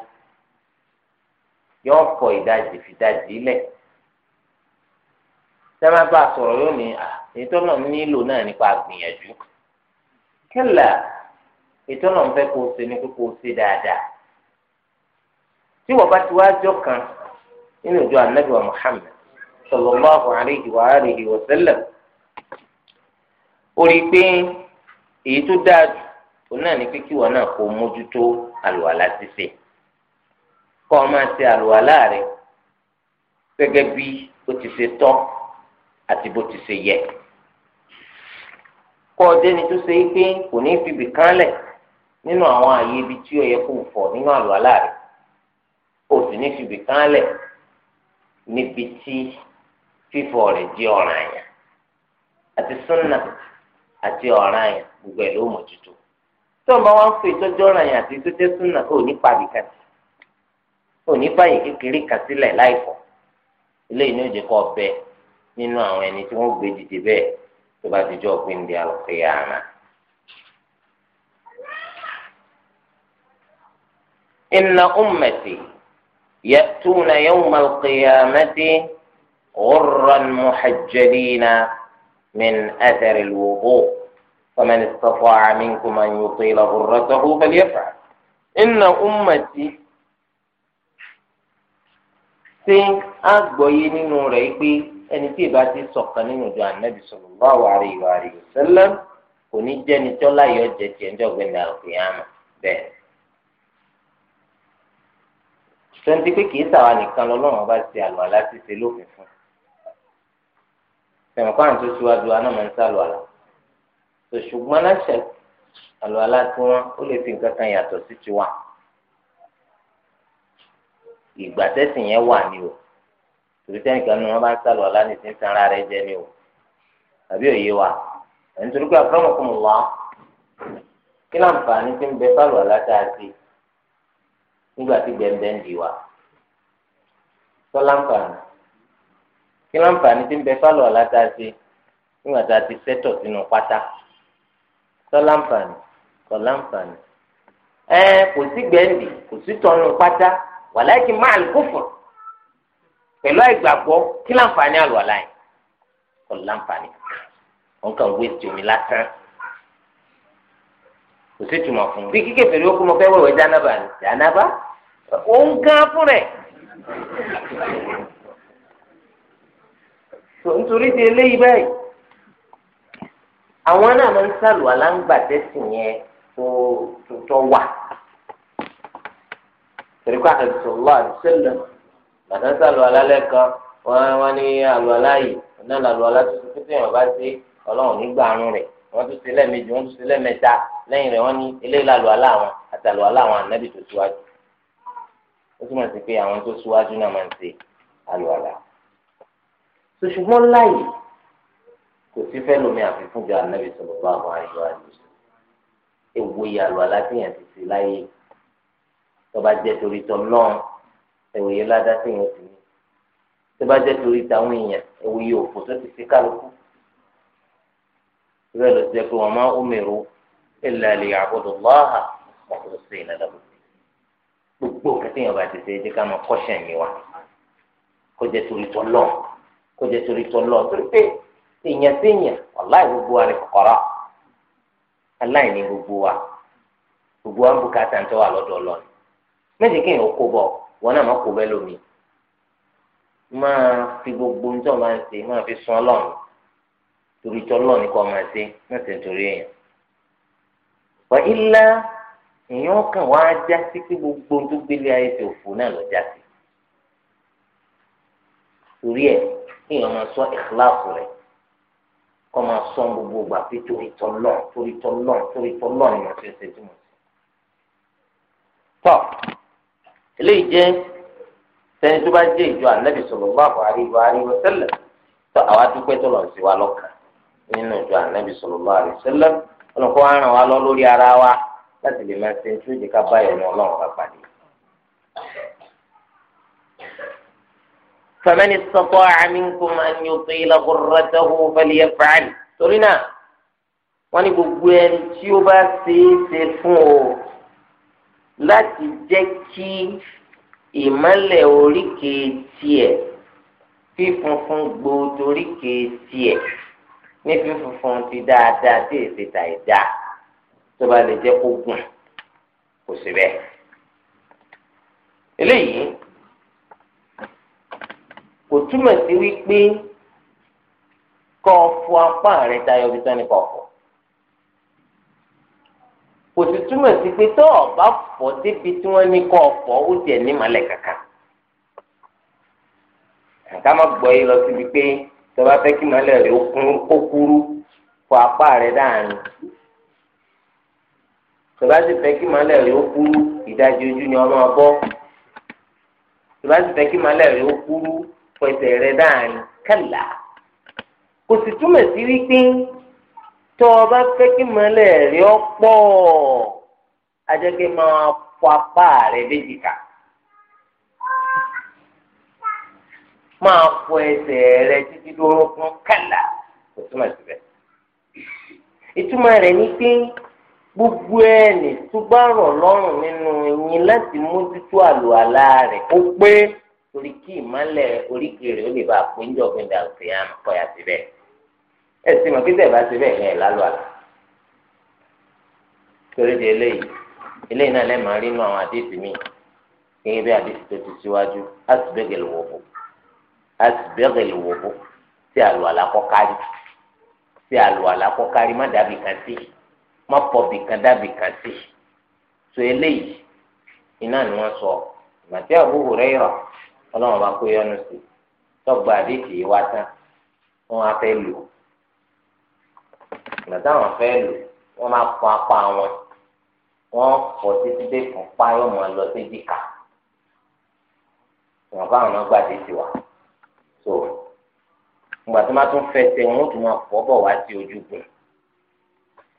yóò fọ ìdajì fìdajì lẹ̀ sẹ́mi bá a sọ̀rọ̀ yóò ní ìtọ́nà nílò náà nípa gbìyànjú kẹlà ìtọ́nà ń fẹ́ kó o ṣe ni pé kó o ṣe dáadáa tí wọ́n bá ti wá jọ kan nínú ìjọ anabi wa muhammed sallallahu alayhi wa alihi wa sallam ó rí i pé èyí tó dáa jù òun náà ní pé kí wọn náà kó mójútó àlùwàlá ṣíṣe kọ́ ọ máa ṣe àlùwàlá rẹ gẹ́gẹ́ bí ó ti ṣe tọ́ àti bó ti ṣe yẹ kọ́ ọ déni tó ṣe pé kò ní fi bì kánlẹ̀ nínú àwọn ààyè ibi tí ó yẹ kó fọ̀ nínú àlùwàlá rẹ kò sì ní fi bì kánlẹ̀ níbi tí fífọ̀ rẹ̀ di ọ̀ràn ati àti ati àti ọ̀ràn gbogbo ẹ̀ ló mọ̀ tuntun tó ń bá wọn fi ìtọ́jú ọ̀ràn yẹn àti ìtọ́jú súnà ò ní pàbí kan ò ní báyìí kékeré kan sílẹ̀ láìpọ̀ eléyìí ní òjò kọ́ ọbẹ̀ nínú àwọn ẹni tí wọ́n gbé dìde bẹ́ẹ̀ jọ يأتون يوم القيامة غرا محجلين من أثر الوضوء فمن استطاع منكم أن يطيل غرته فليفعل إن أمتي ṣé àgbọ́yé nínú rẹ̀ pé ẹni tí ìbá ti sọ̀kan nínú ìjọ ànábì sallallahu alaihi wa sallam kò ní jẹ́ni tọ́lá yọ jẹ́ tiẹ̀ ń jọ̀gbìn ní àlùkìyàmù bẹ́ẹ̀. sẹ́ńtì pé kì í sàwọn nìkan lọ́lọ́run bá ti àlùwàlá ti ṣe lófin fún tẹ̀mọ̀kọ́ àwọn tó ṣíwájú wa náà máa ń sàlùwàlá tó ṣùgbọ́n láṣẹ àlùwàlá tí wọ́n ó lè fi nǹkan kan yàtọ̀ sí tiwa ìgbà tẹ́sìn yẹn wà ní o torí tẹ́nìkan ni wọ́n bá ń sàlùwàlá ní ti ń san ara rẹ̀ jẹ ní o àbí òye wa ẹ̀ ń torí pé àfúrámọ̀kùnmọ̀ wá kí láǹfààní ti ń bẹ sàlùwàlá nígbà tí gbẹ̀ǹdẹ̀ ń di wa sọ láǹfààní kí láǹfààní ti ń bẹ fálọ̀ látàṣe nígbà tá a ti sẹ́tọ̀ sínú pátá sọ láǹfààní sọ láǹfààní ẹ kò sí gbẹ̀ǹdì kò sí tọ́nu pátá wàláìkì máa lè kófò pẹ̀lú àìgbàgbọ́ kí láǹfààní àlùwàlá yìí sọ láǹfààní wọn kàn wé tìmí lásán kò sí tùmọ̀ fún mi bí kíkẹ́ fèrè ó kú mo fẹ́ wẹ̀wẹ̀ jánábà jánábà òun gan fún rẹ̀. nítorí ti eléyìí báyìí àwọn náà máa ń sàlù aláǹgbàdẹ́sì yẹn tó tó wà. tẹ̀lékọ́ àtẹ̀sọ̀lọ́ àdìsẹ́lẹ̀ bàtà sàlù alálẹ́ kan wọ́n wọ́n ní àlùalá yìí náà làlùalá tó ti pété yàn bá sí ọlọ́run nígbà àrùn rẹ̀ wọ́n tún ṣe lẹ́ẹ̀mejì wọ́n tún ṣe lẹ́ẹ̀mẹ́ta lẹ́yìn rẹ̀ wọ́n ní eléyìí làlùalá àwọn àtàlùalá àwọn ànábì tó síwájú ó túmọ̀ sí pé àwọn tó síwájú náà máa ń ṣe àlùwàlà ṣùgbọ́n láàyè kò sí fẹ́ lómi àfikún ju ànábì sọ̀rọ̀ bá àwọn àyè wa lò ewu ìyá àlùwàlà tí yẹn ti ṣe láàyè tọba jẹ́ torí tọ́lọ́n ẹ̀wòye ládá tí yẹn ti ní tọba jẹ́ torí táwọn èèyàn ẹ̀wòye òfò tó ti ṣe kálukú rẹ̀ lọ́sẹ̀ pé wọ́n máa ń omi ro illa liya'budu Allaha wa yukhlisina lahu gbogbo nǹkan téèyàn bá ti ṣe é jẹ́ ká máa kọ́ṣẹ̀ mi wá kó jẹ́ torí tọ́lọ́ kó jẹ́ torí tọ́lọ́ torí pé èèyàn séèyàn ọ̀láì gbogbo wa ni kọ̀kọ́rọ́ aláìní gbogbo wa gbogbo wa ń bùkátà ń tọ́ wà lọ́dọ̀ ọlọ́run méjì kéèyàn kó bọ̀ wọn náà má kó bẹ́ lómi máa fi gbogbo ń tọ́ máa ń ṣe máa fi sun ọlọ́run torí tọ́lọ́ ni kò máa ṣe náà sì ń torí èèyàn. wà èèyàn kan wá já sí gbogbo ohun tó gbélé ayé ti náà lọ já sí torí ẹ kéèyàn máa sọ ìkíláàsì rẹ máa sọ gbogbo ìgbà pé torí tọlọ torí tọlọ torí tọlọ ni ti ṣe tí sẹni tó bá jẹ ìjọ ànábì nínú ìjọ ànábì láti lè máa ṣe ní tí ó jẹ ká báyọ̀ ní ọlọ́run bá pàdé. فمن استطاع منكم أن يطيل غرته فليفعل torí náà wọ́n ní gbogbo ẹni tí ó bá ṣe é ṣe fún o láti jẹ́ kí ìmọ́lẹ̀ oríkèé tiẹ̀ fífunfun gbòòtò oríkèé tiẹ̀ ní fífunfun ti dáadáa tí èsì tàì dáa tó bá lè jẹ́ ogun kò sí bẹ́ẹ̀. eléyìí kò túmọ̀ sí wípé kọ́ ọ fọ apá rẹ tayọ bí sani kọ̀ fọ kò sì túmọ̀ sí pé tó o bá fọ débi tí wọ́n ní kọ́ ọ fọ ó tiẹ̀ ní malẹ̀ kankan nǹka má gbọ́ yìí lọ síbi pé tó fẹ́ kí malẹ̀ rẹ ó kúrú fọ apá rẹ dáhùn tòbáṣe fẹ́ kí màálẹ̀ rẹ̀ ó kúrú ìdajì ojú ni ọmọ ọbọ tòbáṣe fẹ́ kí màálẹ̀ rẹ̀ ó kúrú pẹ̀sẹ̀ rẹ̀ dáhàrin kàlà kò sì túmọ̀ sí wípé tó o bá fẹ́ kí màálẹ̀ rẹ̀ ó pọ̀ ajẹ́kẹ́ máa fọ apá rẹ̀ léjìká máa fọ ẹsẹ̀ rẹ̀ títí lórúkún kàlà kò túmọ̀ síbẹ̀ ìtumọ̀ rẹ̀ ni pé gbogbo ẹni tó bá rọ̀ lọ́rùn nínú yín láti mójútó àlùalá rẹ̀ ó pé torí kí ìmọ̀lẹ̀ oríkì rẹ̀ ó lè bá pín jọ̀gbìn dàgbé àmì kọ́yà síbẹ̀ ẹ sì mọ̀ kí tẹ̀ bá síbẹ̀ yẹn lálùalá torí di eléyìí eléyìí náà lẹ́ẹ̀mọ́ rí nù àwọn àdéhùn mi gẹ́gẹ́ bí àdéhùn tó ti síwájú asibẹ́gẹ̀lì wọ̀bù asibẹ́gẹ̀lì wọ̀bù tí àlùalá kọ́ kárí tí àlùalá kọ́ kárí má dàbí kan sí i má pọ̀ bìkan dábì kan sí so eléyìí iná ni wọ́n sọ ìgbàtí Abu Hurairah ọlọ́run bá kó yọnu sí tọ́gbà àdéhìí wá tán wọ́n á fẹ́ lò ìgbàtí àwọn fẹ́ lò wọ́n máa pọ̀ apá wọn wọ́n pọ̀ títí dé fún páyọ̀ mọ́ lọ sí dìkà wọn bá àwọn ọgbà àdéhìí wá so ìgbàtí fẹsẹ̀ wọn ó tún máa fọ́ bọ̀ wá sí ojúgun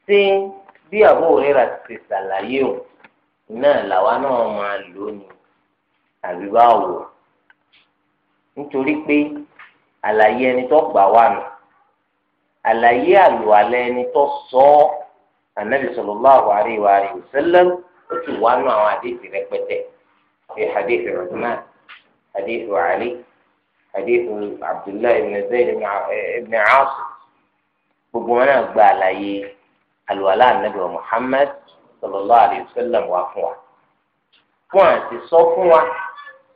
ṣé bí Abu Hurairah ti ṣàlàyé o náà làwa náà máa lò ní àbí báwo nítorí pé àlàyé ẹni tó gbà wà nù àlàyé àlùwalẹ ẹni tó sọ ọ ànábì sallallahu alaihi wa alihi wasallam ó ti wà nù àwọn àdéhùn rẹpẹtẹ ẹ àdéhùn Uthman àdéhùn Ali àdéhùn Abdullahi ibn Zayd ibn Aas gbogbo wọn náà gba àlàyé àlùwàlá ànábì wa Muhammad sallallahu alayhi wa sallam wà fún wa fún àti sọ fún wa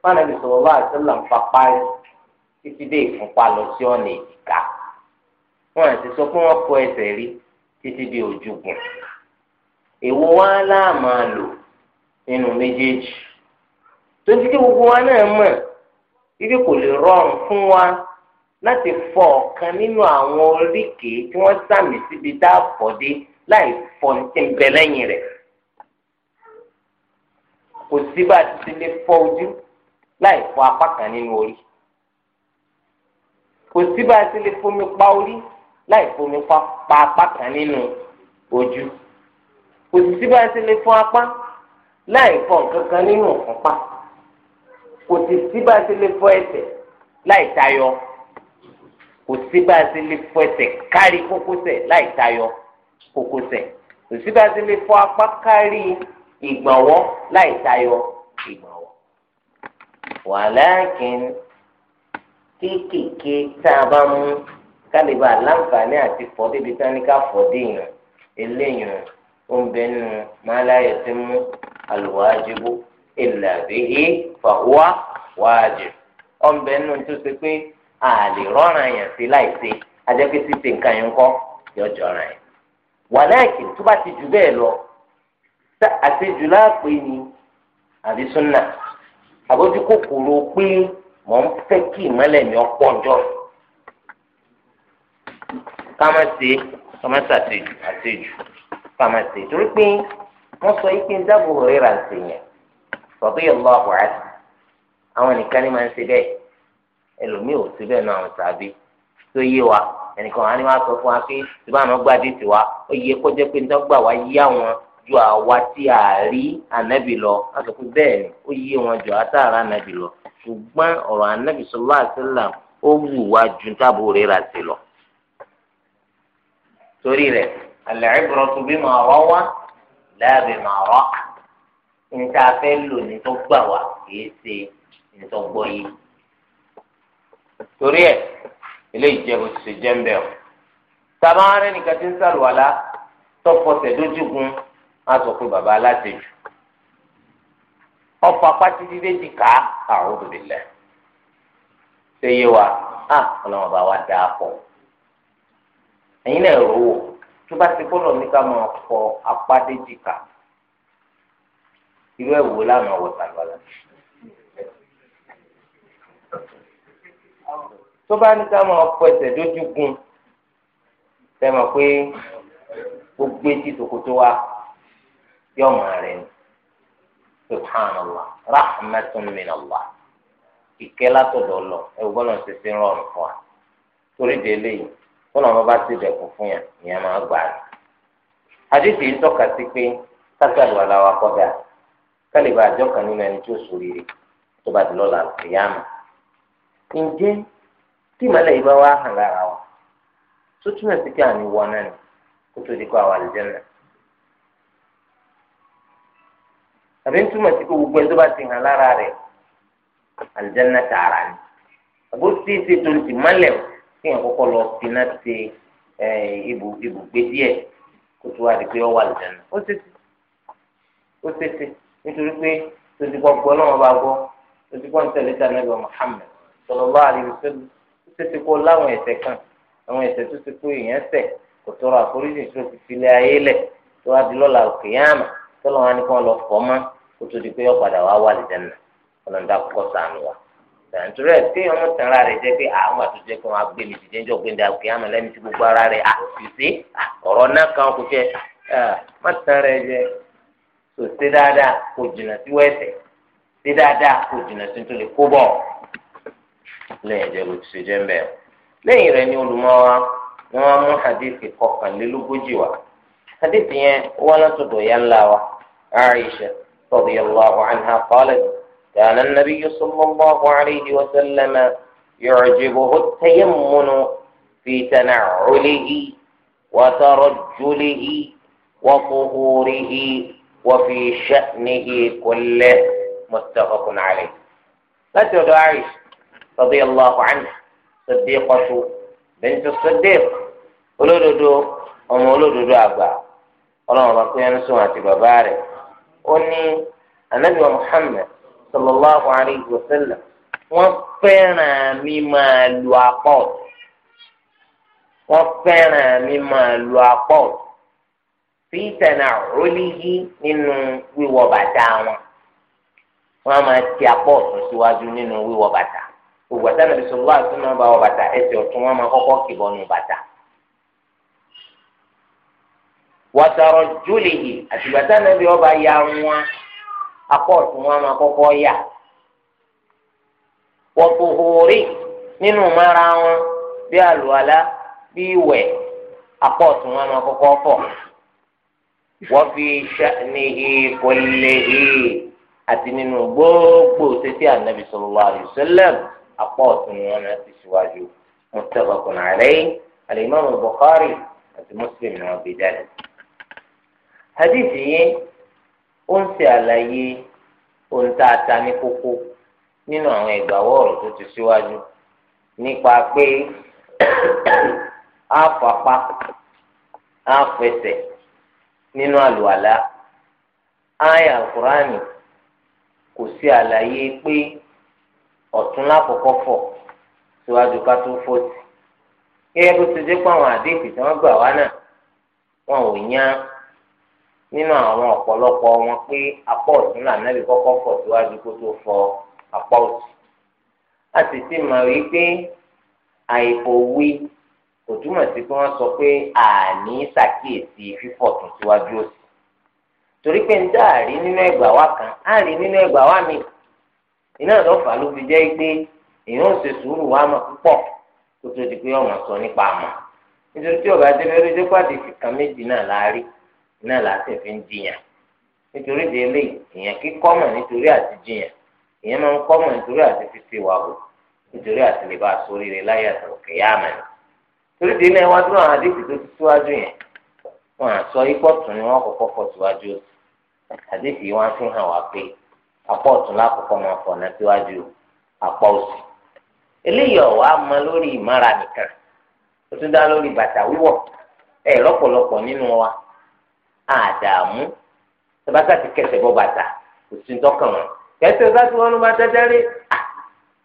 fúnàbí sallallahu alayhi wa sallam papá títí dé ìfúnpá lọ sí ọ̀nà èjìká fún àti sọ fún wọn kó ẹsẹ̀ rí títí dé ojúgun èwo wa láàmà lò nínú méjèèjì tó ti dé gbogbo wa náà mọ̀ ibi kò lè rọrùn fún wa láti fọ ọ̀kan nínú àwọn oríkèé tí wọ́n sàmì síbi tá dé láì fọ̀ǹtì ń bẹ lẹ́yìn rẹ̀ kò sí bá a ti lè fọ ojú láì fọ apá kan nínú orí kò sí bá a ti lè fomi pa orí láì fomi pa apá kan nínú ojú kò sí bá a ti lè fọ apá láì fọ nǹkan kan nínú ọ̀pá kò sì sí bá ti lè fọ ẹsẹ̀ láì tayọ kò sí bá ti lè fọ ẹsẹ̀ kárí kókósẹ̀ láì tayọ kókósẹ̀ òsì bá ti lè fọ apá kárí ìgbọ̀nwọ́ láì tayọ ìgbọ̀nwọ́. wàlákin kéékèèké tá a bá mú kálíbà láǹfààní àti fọ́ débi tá a ní ká fọ́ déèyàn eléyàn ó ń bẹ nínú máláyà tí mú alùwájibú illa bihi fahuwa wájib ó ń bẹ nínú tó ṣe pé àlè rọrùn àyàn sí láì ṣe ajẹ́pẹ́ sí ṣe nǹkan yẹn kọ́ yọjọ́ ra yẹn wàlẹ́ẹ̀kì tó bá ti jù bẹ́ẹ̀ lọ tá àtẹjù láàpẹ ni àbí súnà àbójú kòkòrò pé mò ń fẹ́ kí ìmọ̀lẹ̀ mi ọ̀pọ̀ ọjọ́ ká má ṣe ká má ṣàtẹjù àtẹjù ká má ṣe torí pé wọ́n sọ yìí pé ń dáàbò rẹ̀ rà ń ṣe yẹn bàbá yẹn àwọn nìkan ni máa ń ṣe bẹ́ẹ̀ ẹlòmíì ò sí bẹ́ẹ̀ náà àwọn tàbí tó yé wa ẹnìkan á ní wàá sọ fún wa pé ìbá àwọn gbàdé tiwa ó yẹ kó jẹ́ pé nítorí gbà wá yá wọn ju àwa tí a rí ànábì lọ á sọ pé bẹ́ẹ̀ ni ó yé wọn ju àtàrà ànábì lọ ṣùgbọ́n ọ̀rọ̀ ànábì sọlá àṣẹlá ó wù wá ju táàbù rẹ̀ rà sí lọ. torí rẹ̀ al-ibratu bima rawa la bima ra'a níta fẹ́ lò ní gbà wá kì í ṣe ní gbọ́ yìí. torí ẹ̀ eléyìí jẹ́ bó ti ṣe jẹ́ ń bẹ̀ ọ́. tàbá rẹ nìkan ti ń sàlùwàlá tọpọtẹ dójúgun á sọ pé bàbá aláṣejù ọ̀pọ̀ apáti dídé ti kà á àwọn òbílẹ̀ ṣe yé wa á ah, ọlọ́wọ́n bá wa dà á pọ̀ ẹ̀yin náà rò wò tó bá ti kọ́ ní ká máa fọ apá déjì kà irú ẹ̀ wò láwọn ọ̀wọ̀ sàlùwàlá tó bá ní ká máa pọ ẹsẹ̀ dójú gun ṣe mọ̀ pé gbogbo etí tòkòtò wa yọ máa rẹ̀ ni subhanallah rahmatun min allah ìkẹ́ látọ̀dọ̀ lọ ẹ̀rù bọ́lá ń ṣiṣẹ́ rọrùn fún wa torí de eléyìí bọ́lá wọn bá ti dẹ̀kun fún yàn ìyẹn máa gbà á. àdéhùn yìí tọ́ka sí pé sásàlù aláwa kọ́dà kálíbà àjọ nínú ẹni tí ó sòrìrì tó bá ti lọ́la àlùkìyàmù. ǹjẹ́ tí ìmọ̀lẹ̀ yìí bá wá hàn lára wa tó túmọ̀ sí pé àmì wọ náà ni kó tó di kó àwọn àlùjẹ́nà. àbí ń túmọ̀ sí pé gbogbo ẹni tó bá ti hàn lára rẹ̀ àlùjẹ́nà tààrà ni àbó tí ì ṣe tó ti mọ́lẹ̀ kí èèyàn kọ́kọ́ lọ fi náà ṣe ibùgbé díẹ̀ kó tó wá di pé ó wà àlùjẹ́nà ó ṣe ó ṣe nítorí pé tó ti gbọ́ gbọ́ náà wọ́n bá gbọ́ tó ti gbọ́ ń tẹ̀lé tẹ̀lé Muhammad sallallahu alaihi wasallam ó ṣeéṣe kó láwọn ẹ̀ṣẹ̀ kan àwọn ẹ̀ṣẹ̀ tó ti kó èèyàn ṣẹ̀ kò tọrọ àforíjì tó ti filẹ̀ ayé lẹ̀ tó wá di lọ́la òkè yáàmà tọ́lọ́ wọn ni kí wọ́n lọ fọ́ mọ́ kó tó di pé yọ padà wá wà lẹ́dẹ̀ nà ọlọ́dà kọ́ sànù wa tàǹtúrẹ́ tí ọmọ tẹ̀ra rẹ̀ jẹ́ pé àwọn àtúnṣe kan wá gbé mi ti dé ńjọ́ gbéńdà òkè gbogbo ara rẹ̀ àtúnṣe ọ̀rọ̀ náà kan kò jẹ́ má tẹ̀ra ẹ jẹ́ sòṣe dáadáa kò jìnnà sí wẹ́ẹ̀tẹ̀ lẹ́yìn ìjẹ̀bù ti ṣe jẹ́ mbẹ́. lẹ́yìn rẹ̀ ni olùmọ́wá ni wọ́n mú hadithi kọkànlélógójì wá hadithi yẹn wọ́n dọ yá ńlá wa Aisha radiyallahu anha qalat كان النبي صلى الله عليه وسلم يعجبه التيمن في تنعله وترجله وطهوره وفي شأنه كله متفق عليه. láti ọdọ عائشة رضي الله عنه صديقة بنت الصديق olódodo ọmọ olódodo àgbà ọlọ́run ọba kúnyẹn ní sùn àti bàbá rẹ̀ ó ní anabi wa muhammed sallallahu alayhi wa sallam wọ́n fẹ́ràn mi máa lu apá ọ̀tún wọ́n fẹ́ràn mi máa lu apá ọ̀tún fìtẹ̀nà rólíyí nínú wíwọ̀ bàtà wọn wọ́n á máa ti apá ọ̀tún síwájú nínú wíwọ̀ bàtà gbogbo àti ànàbì sọlọ àti máa bá wọ bàtà ẹsẹ̀ ọ̀tún wọn máa kọ́kọ́ kì bọnu bàtà wọtọrọ júlì yìí àtìgbà tí ọba ya wọn akọ ọ̀tún wọn máa kọ́kọ́ yà hori nínú mara wọn bí àlùalá bí ìwẹ̀ akọ ọ̀tún wọn máa kọ́kọ́ fọ̀ wọ́n fi ṣàníhì kọ́lé yìí àti nínú gbogbo tẹ́tí ànàbì sọlọ apa otu niile si siwaju mustapu okpuru a rai ala imamu buhari ati muslim na obida eti hajji di yi o n si alaye o n taata ni koko awon egbawo oro to ti siwaju nipa pe afapa afese ninu aluwala ayah burani ko si alaye pe ọ̀tún lákòókò fọ̀ síwájú ká tó fòtì gẹ́gẹ́ bó ti dé pé àwọn àdéhùn tí wọ́n gbà wá náà wọn ò yán nínú àwọn ọ̀pọ̀lọpọ̀ wọn pé apá ọ̀tún là nábì kọ́kọ́ fọ̀ síwájú kó tó fọ apá òsì a sì ti mọ̀ rí pé àìfòwe kò túmọ̀ sí pé wọ́n sọ pé àní ṣàkíyèsí fífọ̀ tún síwájú òsì torí pé ń dá àrí nínú ẹgbàá wa kan á rí nínú ẹgbàá wa mìíràn iná ìdọ́fà ló fi jẹ́ pé èèyàn ṣe sùúrù wá mọ̀ púpọ̀ kó tó di pé ọmọ sọ nípa àmọ̀ nítorí tí ọba débẹ̀rẹ̀ dé pàdé kìkan méjì náà láàárí náà láti fi ń jiyàn nítorí di èèyàn kíkọ́ mọ̀ nítorí àti jiyàn èèyàn máa ń kọ́ nítorí àti fi ṣe wà hù nítorí àti lè bá a sórí rẹ láyé àtàwọn ni torí dúró àwọn àdéhùn apá ọ̀tún lákòókò máa fọ̀nà síwájú apá òsì eléyìí ọ̀wọ́ á mọ lórí ìmọ̀ra nìkan ó tún dá lórí bàtà wíwọ̀ ẹ̀ lọ́pọ̀lọpọ̀ nínú wa àdààmú tẹ́bátà ti kẹsẹ̀ bọ́ bàtà tọ́kàn wọn kẹsẹ̀ bá ti wọn ló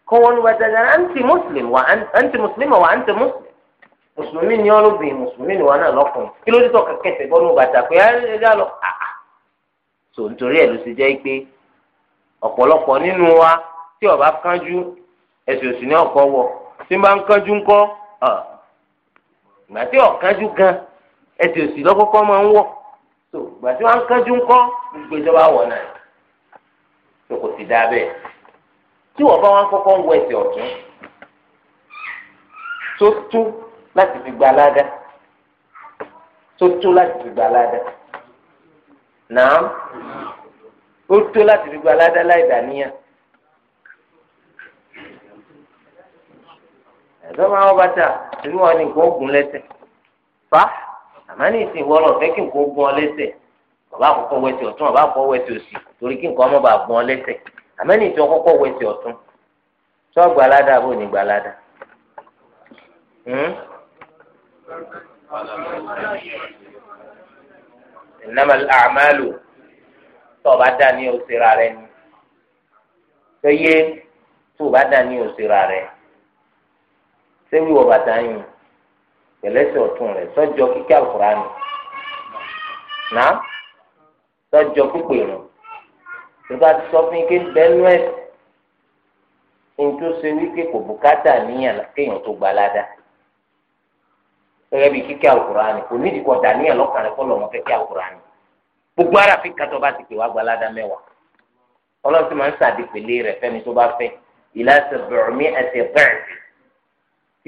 kọ́ àǹtí mùsùlùmí wa àǹtí mùsùlùmí wa àǹtí mùsùlùmí ni ọlọ́bìnrin mùsùlùmí ni wọn náà kí ló dé kẹsẹ̀ bọ́ nù bàtà pé ẹ ọ̀pọ̀lọpọ̀ nínú wa tí ọba kánjú ẹsẹ̀ òsì ní ọkọ̀ wọ̀ tí bá ń kánjú ńkọ́ ìgbà tí ọ̀kánjú gan ẹsẹ̀ òsì lọ́kọ́kọ́ máa ń wọ̀ tó ìgbà tí wọ́n á ń kánjú ńkọ́ gbogbo ìjọba wọ̀ náà tó kò sì dáa bẹ́ẹ̀ tí wọ́n bá wọn kọ́kọ́ ń wọ ẹsẹ̀ ọ̀tún tó tó láti fi gba aládá tó tó láti fi gba aládá náà ó tó láti fi gba aládá láì dàníyàn. ẹ̀sọ́ máa wọ́n bàtà ìlú wọn ni nǹkan ogun lẹ́sẹ̀ fa àmọ́ ní ìsìn ìwọ́n náà fẹ́ kí nǹkan ogun ọ lẹ́sẹ̀ bàbá àkọ́kọ́ wẹ̀sẹ̀ ọ̀tún bàbá àkọ́kọ́ wẹ̀sẹ̀ òsì torí kí nǹkan ọmọ bàá gun ọ lẹ́sẹ̀ àmọ́ ní ìsìn ọkọ́kọ́ wẹ̀sẹ̀ ọ̀tún tó gbalada àbò ní gbalada. Hmm? innamal a'malu tó o bá dá ní òsèrà rẹ ni tó yé tó o bá dá ní òsèrà rẹ ṣé wíwọ bàtà yìí pẹ̀lẹ́sẹ̀ ọ̀tún rẹ̀ sọ́jọ́ kíkẹ́ àkùránì náà sọ́jọ́ pípé rùn tó bá ti sọ fún yín pé bẹ́ẹ̀nu ẹ̀ nítorí ṣe kò bùkátà níyàn kéèyàn tó gba ládàá gẹ́gẹ́ bí kíkẹ́ àkùránì kò nídìí kọ̀ọ̀dà níyàn lọ́kàn rẹ̀ kọ́ lọ́mọ kẹ́kẹ́ àkùránì gbogbo ara fi kàtọ́ bá ti pè wá gbalada mẹ́wàá ọlọ́run ti máa ń sàdìpèlé rẹ̀ fẹ́ni tó bá fẹ́ ìlà sẹ̀bẹ̀rẹ̀mí ẹsẹ̀ bẹ́ẹ̀sì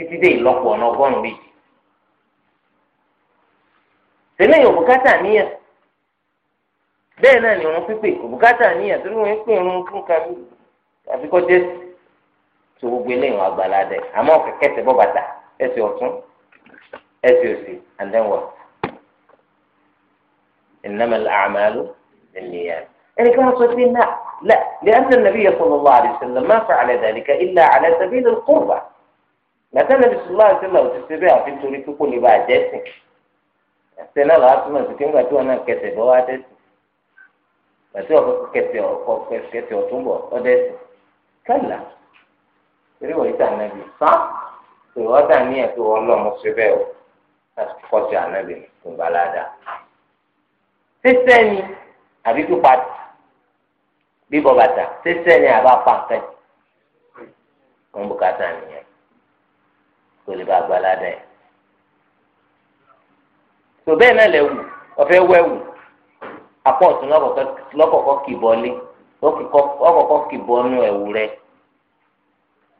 títí dé ìlọ́pọ̀ ọ̀nà ọgọ́rùn-ún méjì. tẹ́lẹ̀ yóò bùkátà níyàn bẹ́ẹ̀ náà ni òun pípé kò bùkátà níyàn torí wọ́n ń pè ń fún kabi àfi kọ́ jẹ́ tó gbogbo eléyìí wọn àgbàlá dẹ̀ àmọ́ kẹ̀kẹ́ tẹ bọ́ bàtà ẹsẹ̀ ọ̀tún ẹsẹ̀ òsì and then what. إنما الأعمال بالنيات يعني كما تقولين لا لا لأن النبي صلى الله عليه وسلم ما فعل ذلك إلا على سبيل القربة كان النبي صلى الله عليه وسلم تستبيع في تريد كل بعد جسم السنة لا أسمع سكين قاتوا أنا كتب واتس قاتوا كتب كتب وتنبو أدس كلا رواية النبي صح رواية النبي الله مصيبه أتفقد النبي كن بلاده sísẹ́ ni àbí pípa bíbọ̀ bàtà sísẹ́ ni àbá pa nǹkan wọn bùkátà nìyẹn kò lè bá gbalada yẹn tòbẹ́ náà lẹ̀ wù ọ̀fẹ́ wẹ̀ wù apá ọ̀tún lọ́kọ̀ọ́kọ́ kìbọ́lé lọ́kọ̀ọ́kọ́ kìbọ́nú ẹ̀wù rẹ̀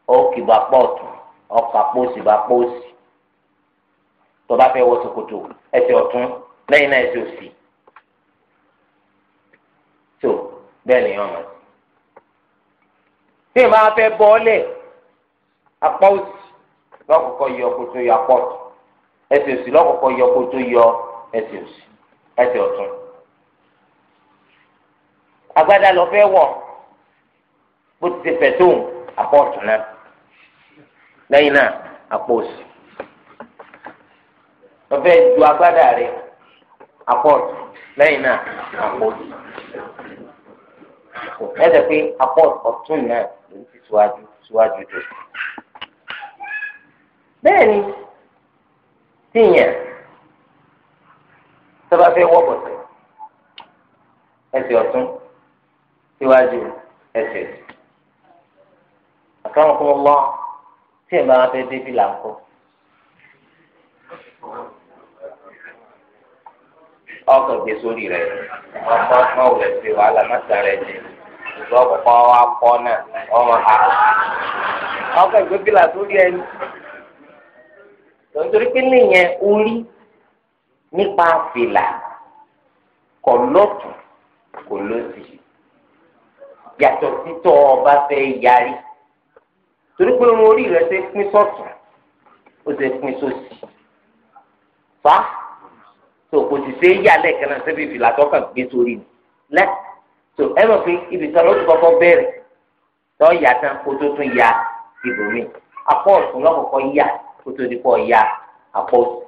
ó kìbọ́ apá ọ̀tún ọkọ̀ apá òsì bá apá òsì tọ́ba wọ ṣòkòtò ẹsẹ̀ ọ̀tún lẹ́yìn náà ẹsẹ̀ òsì. bẹ́ẹ̀ ni ọmọ tí ì máa fẹ́ bọ́ọ̀lẹ̀ apá òsì lọ́kọ̀ọ́kọ́ yọ kó tó yọ apá ọ̀tún ẹsẹ̀ òsì lọ́kọ̀ọ́kọ́ yọ kó tó yọ ẹsẹ̀ òsì ẹsẹ̀ ọ̀tún agbádá lọ fẹ́ wọ̀ bó ti fẹ̀ tóun apá ọ̀tún náà lẹ́yìn náà apá òsì lọ fẹ́ ju agbádá rẹ̀ apá ọ̀tún lẹ́yìn náà apá òsì ẹsẹ̀ pé apọ̀ ọ̀tún náà ló ti síwájú síwájú tó. bẹ́ẹ̀ ni tíyàn tọ́ba fẹ́ wọ́ bọ̀tẹ̀ ẹsẹ̀ ọ̀tún síwájú ẹsẹ̀ àkàrùn kún lọ tí ẹ̀ bá wọn fẹ́ débi là ń kọ́. ọkàn gbé sórí rẹ̀ ọmọ ọmọ òwúrẹ̀ ṣe wàhálà má sàrẹ̀ jẹ́ ìgbà ọ̀pọ̀ wa kọ́ náà ọmọ ha. ọkọ̀ ìgbébílà tó rí ẹni. tòǹtòrí pé nìyẹn orí nípa fìlà kọ̀ lọ́tù kò lọ́sì. yàtọ̀ títọ́ ọba fẹ́ yarí. torí pé wọn orí rẹ̀ ṣe pín sọ́tún ó ṣe pín sósì. fa tòkòtì ṣe é yà lẹ́ẹ̀kan náà ṣebí fìlà tó kàn gbé sórí ni lẹ́ẹ̀ tó ẹ mọ̀ pé ibi sọ̀rọ̀ ó ti kọ́kọ́ bẹ̀rẹ̀ tó yà tán kó tó tún ya ibòmí apọ̀ ọ̀tún lọ́kọ̀ọ́kọ́ yà kó tó di pọ̀ ya apọ̀ ọ̀tún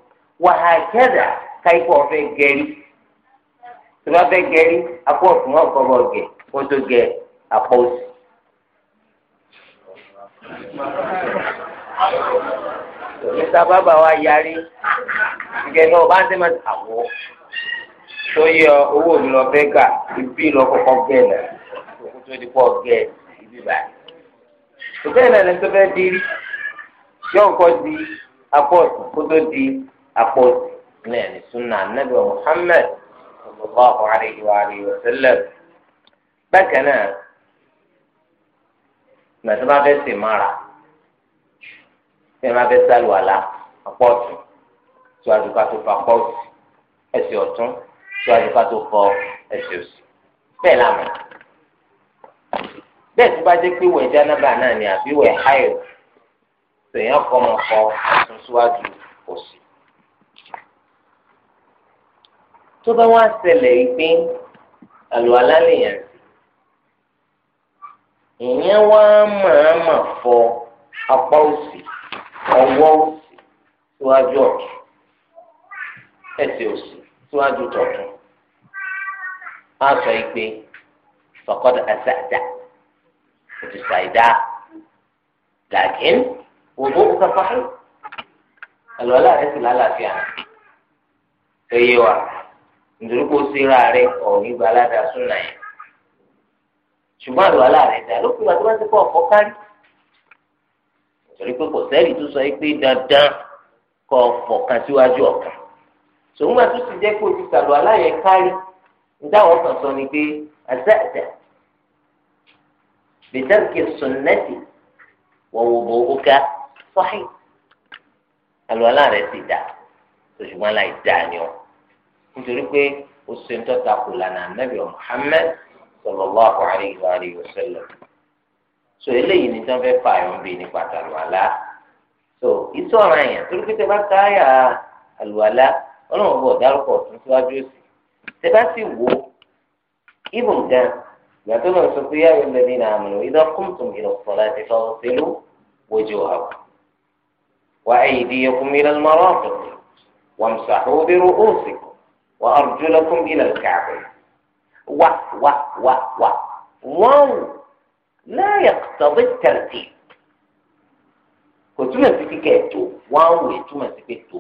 wàhálà káyipọ̀ ọ̀fẹ́ gẹ̀rí tó bá fẹ́ gẹ̀rí apọ̀ ọ̀tún lọ́kọ̀ọ́ bọ̀ gẹ̀ kó tó gẹ̀ apọ̀ ọ̀tún níta bàbá wa yarí ìgbẹ́ náà bá ń sẹ́ máa àwọ̀ tó yẹ owó mi lọ fẹ́ gà ibi lọ kọ́kọ́ gẹ̀ lẹ̀ kó tó di pọ̀ gẹ̀ ibi báyìí. ìbẹ́ẹ̀ náà lẹ́sọ́ fẹ́ di rí yóò di apọ́ọ̀tì kó tó di apọ́ọ̀tì náà ní sunna nabi muhammed sallallahu alayhi wa alayhi wa sallam. bákan náà gbàtí wọ́n fẹ́ sè mara tí wọ́n fẹ́ sálùwàlà apọ́ọ̀tì tí wọ́n adùn ká tó fa apọ́ọ̀tì ẹsẹ̀ ọ̀tún síwájú ká tó fọ ẹsẹ̀ òsì bẹ́ẹ̀ lámà bẹ́ẹ̀ tó bá jẹ́ pé wẹ̀ jánábà náà ni àbí wẹ̀ háyò tèèyàn kọ́ mọ́ kọ́ ọ̀tún síwájú òsì. tó bá wá ṣẹlẹ̀ ìpín àlùwàlá lèèyàn sí ìyẹn wá màámà fọ apá òsì ọwọ́ òsì síwájú ọ̀tún ẹsẹ̀ òsì síwájú tọ̀tún á sọ ìgbé fọkọdọ ẹsẹ àdá òtún ṣàìdá làákín òbó kọfàáhù àlọ́lá rẹ sì lálàáfíà ẹyẹ wa nítorí kó síra rẹ ọ̀rí balada súnà yẹn ṣùgbọ́n àlọ́lá rẹ dà lókùn ìgbà tó bá ti kọ́ ọ̀fọ́ kárí torí pé kò sẹ́ẹ̀lì tó sọ pé dandan kọ́ ọ̀fọ̀ kan síwájú ọ̀kan sòwúmọ̀ tó ti jẹ́ kó o ti sàlù aláyẹ̀ kárí níta àwọn kan sọ ni pé àtẹ̀tẹ̀ bìtẹ́kì sunnati wa wudu'uka sahih àlùwàlá rẹ̀ ti dà ṣùgbọ́n láì dáa ni ọ nítorí pé o ṣe ń tọ́ta kò lànà ànábì Muhammad sallallahu alayhi wa alihi wa sallam so eléyìí ni sọ́n fẹ́ fà yọ̀ ń bi nípa àlùwàlá so ìtọ́ra yẹn torí pé tẹ bá káyà àlùwàlá ọlọ́run bọ̀ dárúkọ ọ̀tún síwájú òsì ṣe bá ti wò ó ibùn gan gbàtọ́ náà sọ pé yàrá ìlẹ̀ nínú àmì àmọ́ ìdá kùntùm ìlọ̀sọ̀rọ̀ àti fọ́ọ̀sẹ̀lú wojú àwọn. wà á yìí di yẹkùn mi lọ́nà mọ́rọ́ ọ̀fẹ́ wà mùsàkó bírú òsì wà á ọ̀rùjú lọ́kùn ilẹ̀ kàbẹ̀. wà wà wà wà wọ́n láyà sọ̀bẹ̀ tẹ̀rẹ̀tì kò túmọ̀ sí kíkẹ́ tó wọ́n wò é túmọ̀ sí kíkẹ́ tó.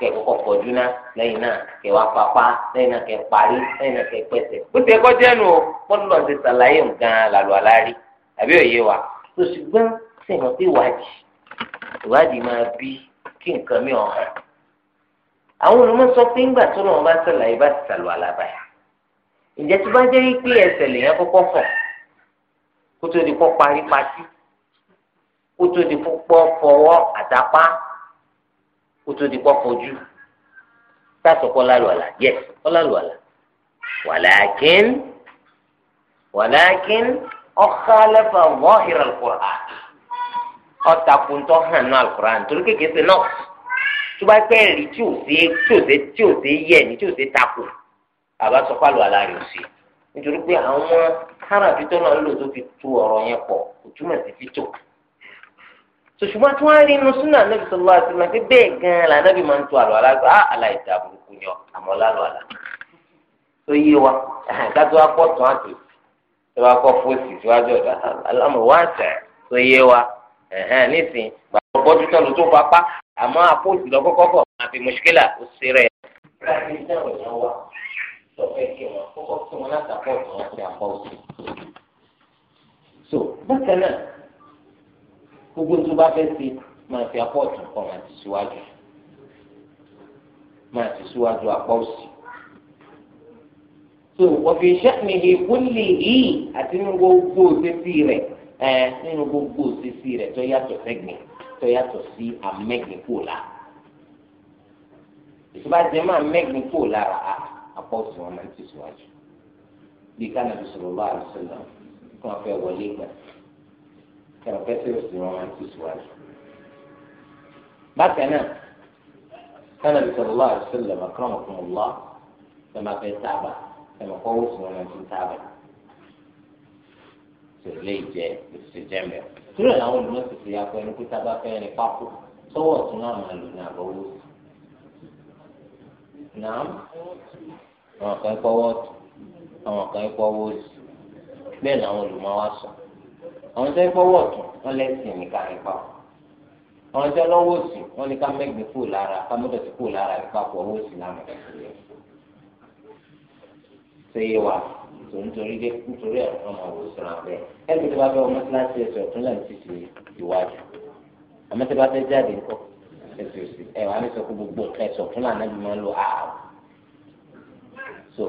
kẹ kọkọ dúná lẹ́yìn náà kẹ wá papá lẹ́yìn náà kẹ parí lẹ́yìn náà kẹ pẹsẹ. ó ti ẹkọ jẹnu o wọn lọ sí sàlàyé nǹkan làlù àlárí àbí òye wa tó ṣùgbọ́n sèmọ pé ìwádìí ìwádìí máa bí kí nǹkan mi ọ̀hán. àwọn olùmọ̀ sọ pé ńgbà tó lọ́wọ́ bá sàlàyé bá ti sàlù àlàbàyà ǹjẹ́ tó bá jẹ́ pé ẹsẹ̀ lèèyàn kọ́kọ́ fọ̀ kó tó di kọ́ parí patí kó tó di fọwọ́ àtàpá Kutu di kọ́kọ́ ojú sáàsọ kọ́ lálù àlà yes kọ́ lálù àlà wàlákin wàlákin ọ̀kálẹ́fà wọ́hìrì alukóra ọ̀tàkùntọ̀ hàn náà alukóra nítorí kékeré sí náà tó bá pẹ́ rí tí ò sí tí ò sí tí ò sí yẹ ni tí ò sí takò àbá sọ pálọ̀ àlà rẹ̀ ò sí nítorí pé àwọn káràbítọ́ náà lò tó fi tu ọ̀rọ̀ yẹn pọ̀ kò túmọ̀ sí fítò sòṣùgbọ́n tí wọ́n rí inú súnà nàbì sọ̀rọ̀ àti mà pé bẹ́ẹ̀ gan-an là nàbì máa ń tu àlọ́ alágbá ah, á aláìsí àbùkù yan àmọ́ lálọ́ àlá tó yé wa kátó akọ́ tán àti tó bá kọ́ fóòsì síwájú ọ̀dà alámọ̀ wá tẹ̀ tó yé wa nísìnyí gbàgbọ́ bọ́jú tán ló tó fapá àmọ́ àpòsí lọ kọ́kọ́ bọ̀ máa fi mùṣkílà ó ṣe rẹ̀. so bákan náà gbogbo tó bá fẹ́ ṣe máa fi apá ọ̀tún kan máa ti síwájú máa ti síwájú apá òsì. so wọ́n fi ṣẹ́mìhì kúnlè yìí àti nínú gbogbo òṣèṣì rẹ̀ ẹ nínú gbogbo òṣèṣì rẹ̀ tó yàtọ̀ sẹ́gbìn tó yàtọ̀ sí amẹ́gbìn kò la. ìtura jẹ́ máa mẹ́gbìn kò lára apá òsì wọn máa ti síwájú. bí ká nàbí sọ̀rọ̀ bá àrùn sílẹ̀ kí wọ́n fẹ́ wọlé gbà ẹ̀rọ pẹ́sẹ́ òsì wọn máa ń tẹ̀síwájú. bákan náà sọ́nà bí sọ̀rọ̀ lọ́wọ́ àti sọ́nà lọ́wọ́ kọ́nà fún un lọ́ ẹ máa fẹ́ tábà ẹ máa kọ́ òsì wọn máa ti tábà. sèlé ìjẹ ìṣe jẹ́mẹ̀. túrọ̀ làwọn olùmọ̀ sì fi akọ ẹni pé tábà fẹ́ ní pákó sọ́wọ́ ọ̀tún náà máa lò ní àbọ̀ owó àwọn kan kọ́ àwọn kan kọ́ wọ́ọ̀tù làwọn olùmọ̀ wa sọ̀rọ̀ àwọn tó ń fọwọ́ ọ̀tún wọn lẹ́sìn ní ká ipa àwọn tó ń lọ́wọ́ òsì wọn ní ká mẹ́gbẹ́ kú lára ká mọ́tò ti kú lára ipa pọ̀ owó òsì lánàá kẹsìlẹ̀ ṣé yé wa tó ń torí dé nítorí ẹ̀rọ ọmọ wò sọ̀rọ̀ àbẹ́ ẹ̀sìn tó bá fẹ́ ọmọ síláṣí ẹ̀sìn ọ̀tún lẹ́nu ti ti ìwájú àmọ́ tó bá fẹ́ jáde ńkọ́ ẹ̀sìn òsì ẹ̀ wà ní sọ pé gbogbo nǹkan ẹ̀sìn ọ̀tún làná bí máa ń lo ààrùn so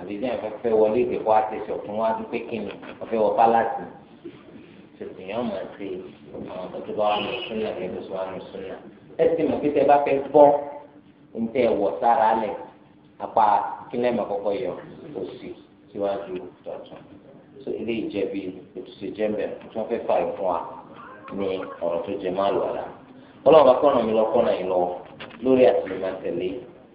àbí bí wọn fẹ́ wọlé ìdè kó àtẹ̀sí ọ̀tún wá dúpẹ́ kínní wọn fẹ́ wọ pálásì ṣègùn yẹn máa ṣe àwọn tọ́jú bá wà ní súnà ní ìlú sọ wà ní súnà ẹ sì mọ̀ pété bá fẹ́ bọ́ ń tẹ́ wọ̀ sára lẹ̀ apá kílẹ̀ mọ̀ kọ́kọ́ yọ òsì síwájú tọ̀tún tó ilé ìjẹ́bi ètùsí jẹ́mbẹ̀ tí wọ́n fẹ́ fà yọ fún wa ní ọ̀rọ̀ tó jẹ má lọ la ọlọ́run bá kọ́nà mi lọ kọ́nà yìí lọ lórí àtìlẹ́mọ̀tẹ̀lé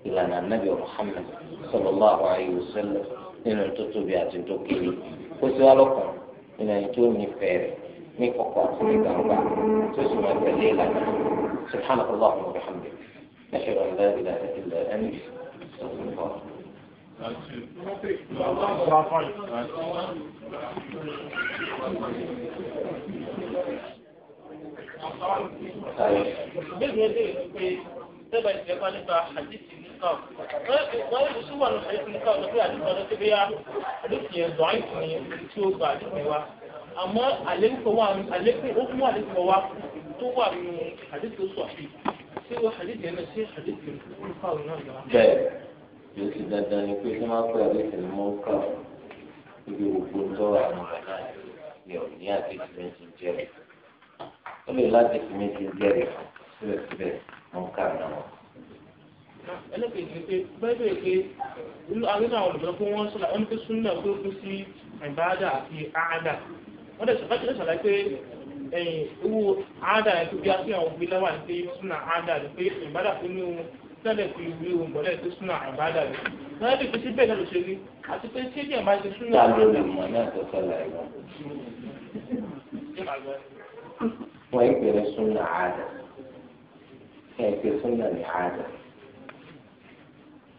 ìlànà anábìyà Muhammad sallallahu alaihi wasallam nínú tó tóbi àti tó kéré kó síwá lọ́kàn nínú ẹni tó nífẹ̀ẹ́ rẹ̀ من فوق سنة أربعة تسمى الليلة سبحانك اللهم وبحمدك نشهد أن لا إله إلا أنت استغفرك الله àmọ́ àlékún wa àlékún ó fún àlékún wa tó wà nínú àdéhùn oṣù àfi ṣé wọ́n àdéhùn yẹn ṣé àdéhùn yẹn fà wọn náà yàrá. bẹ́ẹ̀ yóò ti dandan ni pé kí wọn pè àdéhùn mọ ká ibi gbogbo tó wà nínú àná ni ò ní àdéhùn méjì jẹrẹ ó lè láti fi méjì jẹrẹ síbẹ̀síbẹ̀ mọ ká náà ẹlẹ́kẹ̀ẹ́ pé bẹ́ẹ̀ pé àwọn wọ́n dẹ̀ sọ̀rọ̀ ṣẹlẹ̀ ṣàlàyé pé ẹ̀yìn ewu àádà yẹn tó bí aṣọ àwọn òbí lọ́wọ́ àti súnà àádà rẹ̀ pé ìbádà tó ní ohun tẹ́lẹ̀ fi ìwé ohun bọ̀lẹ́ tó súnà àbádà rẹ̀ wọ́n dẹ̀ pé síbẹ̀ náà ló ṣe rí àti pé ṣé díẹ̀ máa ṣe súnà àbádà rẹ̀. wọ́n ń súnà àádà ẹ̀ pè súnà ní àádà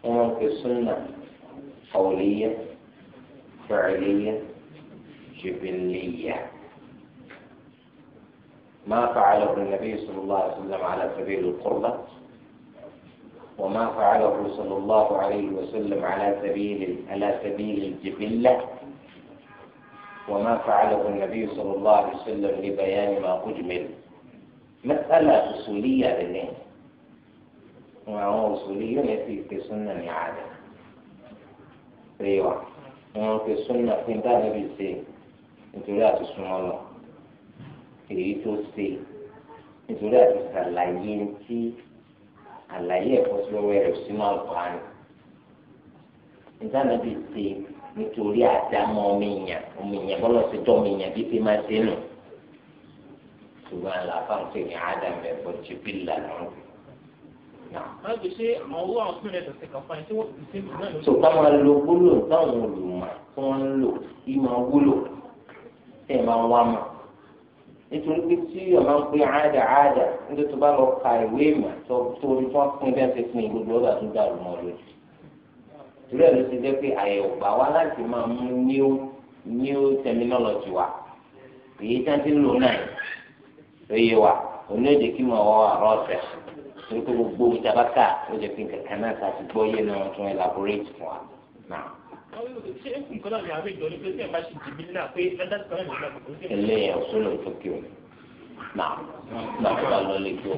wọ́n pè súnà ọ̀lẹ́yẹ fẹ̀rẹ̀lẹ́yẹ. الجبلية ما فعله النبي صلى الله عليه وسلم على سبيل القربة وما فعله صلى الله عليه وسلم على سبيل على سبيل الجبلة وما فعله النبي صلى الله عليه وسلم لبيان ما أجمل مسألة أصولية ما هو أصولية التي في سنة عادة أيوة وفي السنة في النبي nítorí àti súnmọ́ lọ èyí tó ṣe nítorí àti ṣàlàyé tí àlàyé ẹ̀kọ́ sí lọ́wọ́ ẹ̀rọ sínú àlùkùránì nítorí àti ṣe nítorí àdámọ́ ọmọ èèyàn ọmọ èèyàn bọ́lọ̀ sí tọ́ ọmọ èèyàn bí ṣe máa ṣe nù ṣùgbọ́n àlàáfáà ń pè ní ádámù ẹ̀kọ́ ti bí lànà so ká máa lo gbólóhùn táwọn olùmọ̀ tí wọ́n ń lò kí wúlò tí ẹ máa ń wá mọ̀ nítorí pé tí ẹ máa ń pè áádà áádà nítorí tó bá lọ ka ìwé ìmọ̀ tó orí tó ń pín bẹ́ẹ̀ ṣe pín gbogbo ọ̀gá tó dàrú mọ́ lójú torí ẹ̀ ló ti jẹ́ pé àyẹ̀wò gbà wá láti máa mú new new terminology wa èyí tí wọ́n ti ń lò náà lóye wa òní kí mo wọ́ àrọ́ ọ̀sẹ̀ torí pé gbogbo ìjàmbá ká ló jẹ́ pé nǹkan náà ká ti gbọ́ yé náà tún elaborate fún wa náà eléyìí ọ̀sùn ló tó kí o náà náà fún wa lọ lè kí o.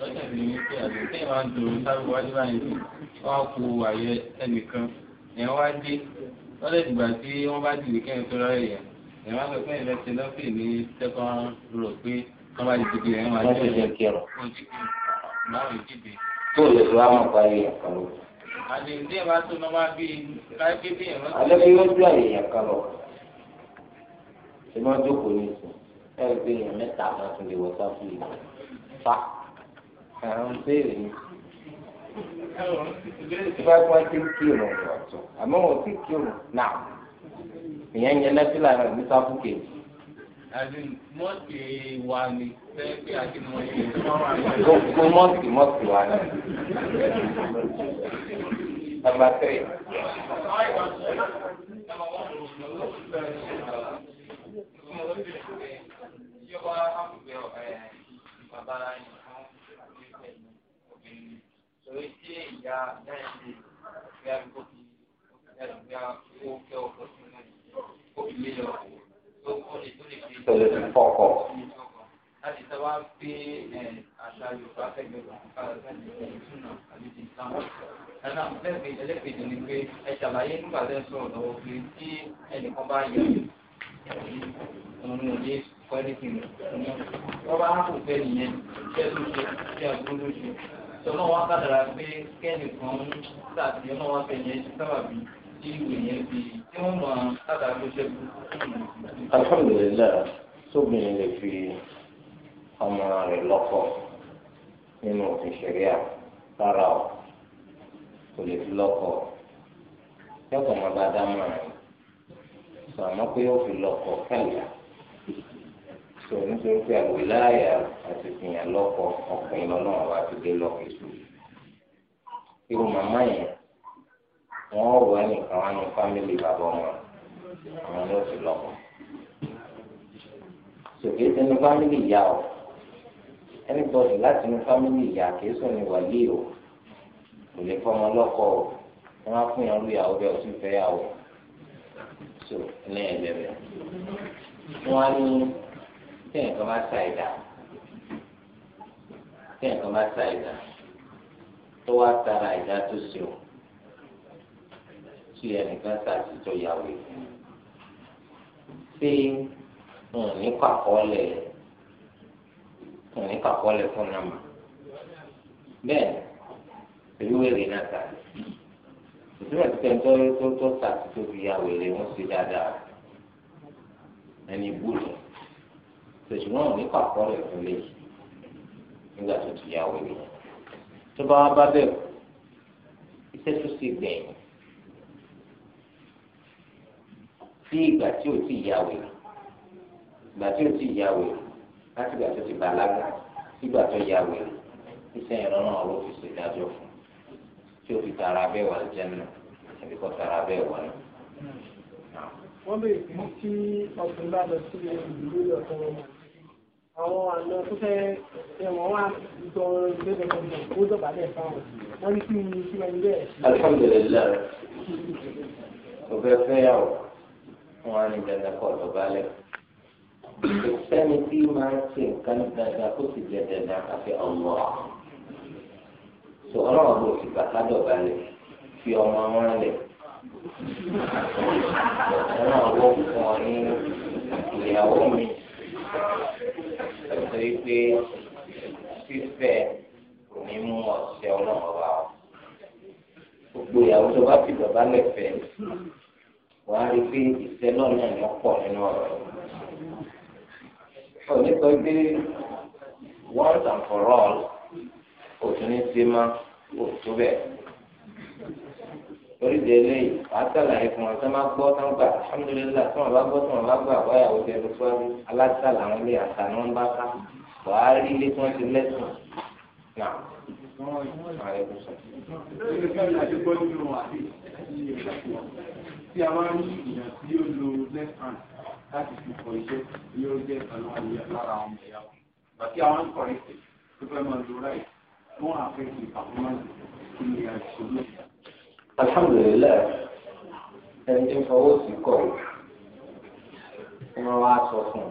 lọ́jà ni pé àti tí ìwà ń do sábẹ́ wájú báyìí sí wọ́n á kó àyẹ ẹnìkan ẹ̀yàn wá dé lọ́dẹ̀ ìgbà tí wọ́n bá dìde kẹ́hìn tó rárẹ̀ yẹn ẹ̀yàn wá pẹ́ pẹ́yìn lẹ́sẹ̀ lọ́fì ní tẹ́kọ̀ọ́ rò pé wọ́n bá dìde ẹ̀yàn wá dé ẹ̀yàn tó lè fi wá mọ̀ parí ẹ̀kọ́ lóko àlè ní ẹ̀ bá tó náà máa bí láì bí bí ìrántí. alẹ́ bí yóò ju àyèyàn kan lọ ṣe máa jókòó ní ìsìn ẹ ẹ gbé èèyàn mẹ́ta máa tún lè wọ sáfù yìí fa àwọn béèrè ni. ìfẹ́ kí wọ́n ti kí òun ọ̀tọ̀ àmọ́ wọn ò kí òun náà ìyẹn yẹn lẹ́fílà rẹ̀ ní sáfù kejì àbí mọ́ọ̀kì wa ni fẹ́ẹ́ pé àti mọ́ọ̀kì. gbogbo mọ́ọ̀kì mọ́ọ̀kì wa ni. Number three. Thank you tó kó lè tó lè fi tẹ́lẹ̀ fi fọkọ. láti sọ wá pé àṣà yorùbá fẹ́gbẹ́ ìtúnà àbí ti sáà. ẹ̀ka lẹ́gbẹ̀ẹ́ ẹlẹ́gbẹ̀ẹ́ ni pé ẹ ṣàlàyé nígbà tẹ́ sọ̀rọ̀ lọ́wọ́ pé tí ẹnìkan bá yẹ òun ò lè pẹ́ẹ́lí kìnnì ní wọ́n bá kò fẹ́ nìyẹn ṣé ló ṣe ṣé àgbọ̀n ló ṣe. sọ náà wá pé kẹ́nìkan ń sàtìyàn náà wá fẹ̀yìn ẹ̀ tí ìwé yẹn fi tí wọ́n mọ̀ sábà tó ṣẹ́kù. alhamdulilayi sóbìnrin lè fi ọmọ rẹ̀ lọ́kọ nínú òfin ṣẹ̀ríà rárá o kò lè fi lọ́kọ yọkọ̀ máa bá dá máa rìn sọ àmọ́ pé ó fi lọ́kọ kẹlẹ́ sọ nítorí pé àwòláyà àti ìpìyàn lọ́kọ ọkùnrin lọ́nà àwọn àti dé lọ́kọ ìṣòro irú màmá yẹn wọn wọ ẹnìkan wọn ní fámìlì bàbá wọn àwọn ni ó ti lọ́kọ sòkè sínú fámìlì ìyá o ẹnì bọ́ọ̀dù láti inú fámìlì ìyá kìí sùn ní wàlíì o kò lè fọmọ lọ́kọ o wọn á fún yàn lóyàwó bẹ́ẹ̀ ó sì yà o so ní ẹlẹ́rẹ́ wọn á ní tẹ̀yìn kan bá sa ìdá tẹ̀yìn kan bá sa ìdá tó wá tara ìdá tó ṣe o tí ẹnìkan ṣàtìjọ yàwó ṣé ní kàkọ́lẹ̀ fún nàmà bẹ́ẹ̀ èyí náà ta ìtumọ̀ títẹ̀ tó tó ṣàtìjọ fi rẹ̀ wọ́n ṣe dáadáa ẹni búlọ̀ ṣèṣùgbọ́n ní kàkọ́lẹ̀ fún lè nígbà tó ti yàwó rẹ̀ tó bá wá bá bẹ́ẹ̀ iṣẹ́ tó sì gbẹ̀yìn. sí ìgbà tí o ti yàwé ìgbà tí o ti yàwé láti ìgbà tó ti bàlágà sí ìgbà tó yàwé iṣẹ́ ìrànlọ́wọ́ náà ló fi ṣèdájọ́ fún tí o fi tara bẹ́ẹ̀ wà lẹ́nu ẹ̀bí kọ́ tara bẹ́ẹ̀ wà lẹ́nu. wọ́n lè mú kí ọkùnrin bá lọ sí ìlú ọ̀tọ̀ wọn àwọn àna tó fẹ́ ẹ̀wọ̀n wá jọ ìgbésẹ̀ gbọ̀ngàn ó dọ̀bálẹ̀ fáwọn wọ́n ní kí ni kí wọ́n ń alihamudulilayi o fẹ́ fẹ́ yà o fún wa ní dandan kọ́ dọ̀bálẹ̀ sẹ́ni tí máa ń ṣe nǹkan dandan kó sì jẹ dandan àfi ọmọ sọ ọlọ́run bò sí bàtà dọ̀bálẹ̀ fi ọmọ wọn lẹ̀ ọlọ́run bò fún ọ ní ìyàwó mi ẹ̀sọ́ yìí pé fífẹ́ kò ní mú ọ̀sẹ̀ ọlọ́run ọba gbogbo ìyàwó tó bá fi dọ̀bálẹ̀ fẹ́ wàá rí pé ìfẹ́ náà náà yọ pọ̀ nínú ọ̀rọ̀ ọ̀ nípa pé once and for all òtún ní sí má òtún bẹ́ẹ̀ torí de eléyìí wàá sàlàyé fún wọn tí wọn bá gbọ́ tí wọn gbà alhamdulillah tí wọn bá gbọ́ tí wọn bá gbà wáyà ó jẹun síwájú alásàlà àwọn ilé àtà ni wọn bá ká wàá rí ilé tí wọn ti lẹ́sìn náà. Àwọn ẹ̀kọ́ sọ tí a máa ń ní ìyàn tí ó lo left hand láti fi kọ iṣẹ́ tí ó jẹ́ ìtànà àyè lára àwọn ẹ̀yà wọn. Ìgbà tí àwọn ń tó fẹ́ máa lo right fún àfẹ́sì performance kí ni àìsàn Alhamdulillah, ẹni tí ń fọwọ́ sí kọ̀ wọ́n wá sọ fún un.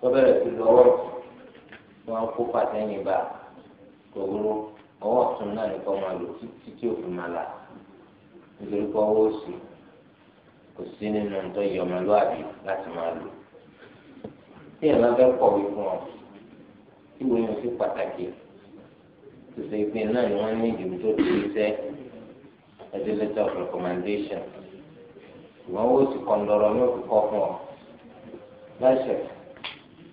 Tó bẹ̀rẹ̀ sí lọ́wọ́ wọn kó pàtẹ́yìn bá gbogbo ọwọ́ ọ̀tún náà nìkan máa lò títí tí òfin máa là á nítorí pé ọwọ́ òsì kò sí nínú ntọ́ yẹ ọmọlúwàbí láti máa lò tí ẹ̀ máa fẹ́ kọ̀wé fún ọ tí wọ́n yàn sí pàtàkì tòṣe ìpín náà ni wọ́n ní ìdìbò tó ti ṣiṣẹ́ ẹdí letter of recommendation ìwọ́n wò sí kọ̀ǹdọ̀rọ̀ ní òkú kọ́ fún ọ láṣẹ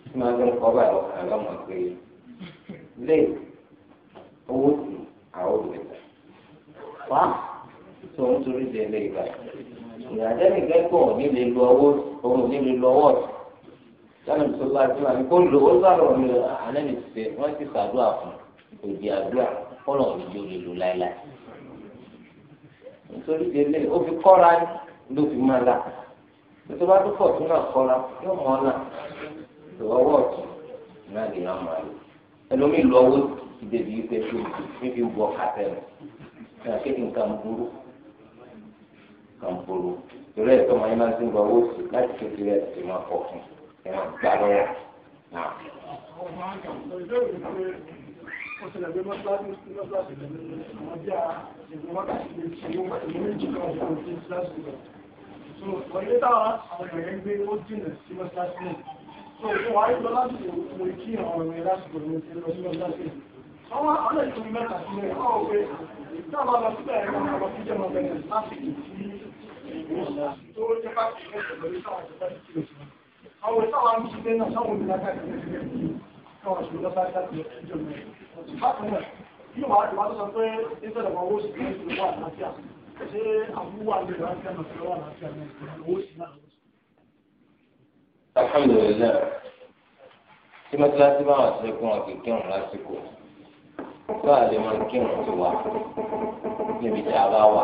tí máa fẹ́ kọ́ báyìí ọ̀kà lọ́mọ pé lè owó sí àwọn òbí wa tó ń torí di ilé ìgbà ìyàjẹ́ nìkan kò ní lè lo ọwọ́ òun ní lè lo ọwọ́ sani bisalòlá ti wà ní kó lo ó bá lọ ní anẹ́ni ti ṣe wọ́n ti ṣàdúrà fún òdì àdúrà kọ́nà òdìjọ́ lè lò láéláé nítorí di ilé ó fi kọ́ra ló fi máa la tó bá tó pọ̀ tó náà kọ́ra yóò mọ́ ọ́nà tó ọwọ́ ọ̀tún náà lè rán mọ́ àlè ẹlòmíì lọ́wọ́ ti dèbí pé kí n fi wọ kàtẹ́ rẹ̀ kí n kà ń burú kan gbòòrò torí ẹ̀ tọ́mọ yín máa ti ń gba owó sí láti kékeré ẹ̀ ti máa kọ̀ fún ẹ̀ máa gbà lọ́wọ́ náà. So, wọ́n yé táwọn àwọn èèyàn ń gbé ó jìnà sí mọ́ṣáláṣí náà. So, wọ́n á lọ láti mo kí àwọn èèyàn láti bọ̀ ní ìṣẹ́lẹ̀ sí mọ́ṣáláṣí náà. Àwọn ọ̀nà ìṣòro mẹ́ta sílẹ̀, ọ̀ pé táwọn lọ síbẹ̀ ẹ̀rọ ọ̀rọ̀ fíjọ́ mọ̀ bẹ̀rẹ̀ láti kì í àwọn ìsáwà ń ṣe náà sáwọn olùdájá ìgbẹ̀rẹ̀ káwọn ṣùgbọ́n lọ́sáré láti ìjọ mẹ́rin bákan náà yíò wà á sọ pé nítorí ọmọ owó sí ní ìlú wà láfíà ṣe àbúwà lè ráńkẹ́ náà fẹ́ wà láfíà ní owó sí náà alhamdulillah tí mọ́tíláṣí bá wà sí fún ọ̀kì kírun lásìkò báà lè máa kírun ti wà níbi tí a bá wà.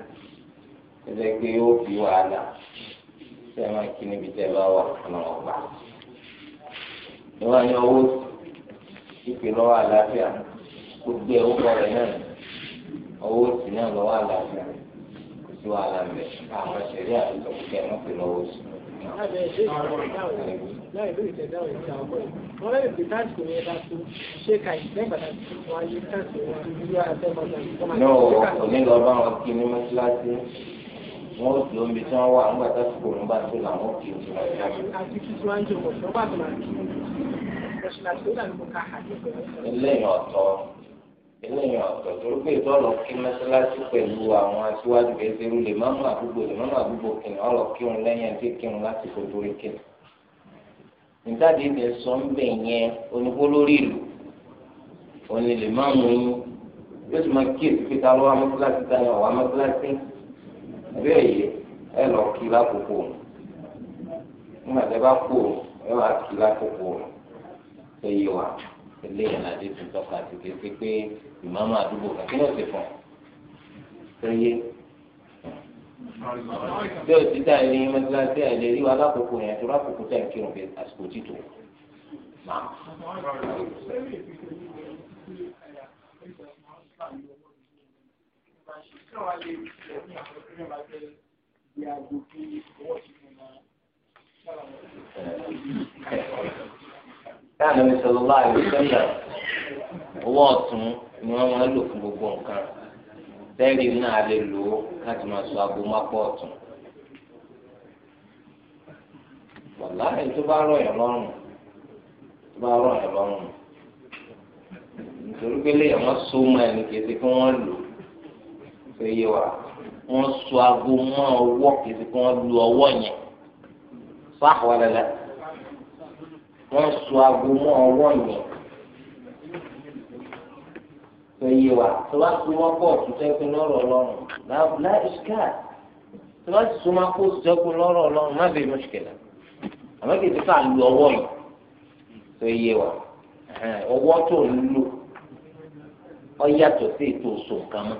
ẹgbẹ́ pé ó fi wàhálà tẹ́ máa kí níbi tẹ́ bá wà ọ̀nà ọ̀gbà. ìwọ̀n ni owó ìpè lọ́wọ́ àlàáfíà gbogbo ẹ̀ ó kọ́ rẹ̀ náà owó sì náà lọ́wọ́ àlàáfíà kò sí wàhálà mẹ́ àwọn ṣẹ̀rí àtúntò ẹ̀ wọ́n lọ́wọ́ sí. Láì lórí wọn kí ní mọ́ṣáláṣí wọn ò dúró níbi tí wọn wà nígbà tó sùkò nígbà tó làwọn ò kí o tó lọ sí. eléyìí ọ̀tọ̀ eléyìí ọ̀tọ̀ torí pé ìtọ́lọ̀ kí mẹ́sálásí pẹ̀lú àwọn aṣíwájú kẹsẹ̀ rú lè máàmù àdúgbò lè máàmù àdúgbò kìnìún ọ̀lọ̀ kírun lẹ́yìn àti kírun láti kó torí kírun. nígbàdí ìdè sọ ń bẹ̀ yẹn onígbó lórí ìlú òní lè máàmù yín yóò tún máa kí àbí ẹ̀yẹ ẹ lọ kí lákòókò nígbà tí ẹ bá kó ẹ wá kí lákòókò ẹyẹ wa eléyìí náà dé tó tọ́ka sí kété pé ìmáàmù àdúgbò kàkínà ti fọ̀ ẹyẹ bí o ti dá ilé yín mẹ́tíláṣí ẹ̀ lè rí wa lákòókò yẹn tó lákòókò tẹ̀ ń kírun bí àsìkò títò náà. Táà nàbí sọlọ́lá àlùsọ́lá owó ọ̀tún ni wọ́n máa ń lò fún gbogbo nǹkan. Bẹ́ẹ̀rì náà lè lò ó láti máa sọ aago mápọ̀ ọ̀tún. Wàlá ẹ̀ tó bá rọ̀ yẹn lọ́rùn tó bá rọ̀ yẹn lọ́rùn. Nítorí pé lè yẹn wọ́n so ẹni kí wọ́n lò ó. péye wa wọ́n so aago mọ́ ọwọ́ kìsì kí wọ́n lu ọwọ́ yẹn fáwọn lẹ́lẹ́ wọ́n so aago mọ́ ọwọ́ yẹn péye wa tí wọ́n so wọ́n pọ̀ tuntun ẹ̀kún lọ́rọ̀ ọlọ́run láì ṣíkà tí wọ́n so wọ́n pọ̀ tuntun ẹ̀kún lọ́rọ̀ ọlọ́run má bẹ̀rẹ̀ mọ́ṣíkẹ̀lá àmọ́ kìsì ká lu ọwọ́ yẹn péye wa ọwọ́ tó ń lò ọ yàtọ̀ sí ètò òṣùnkàn mọ́.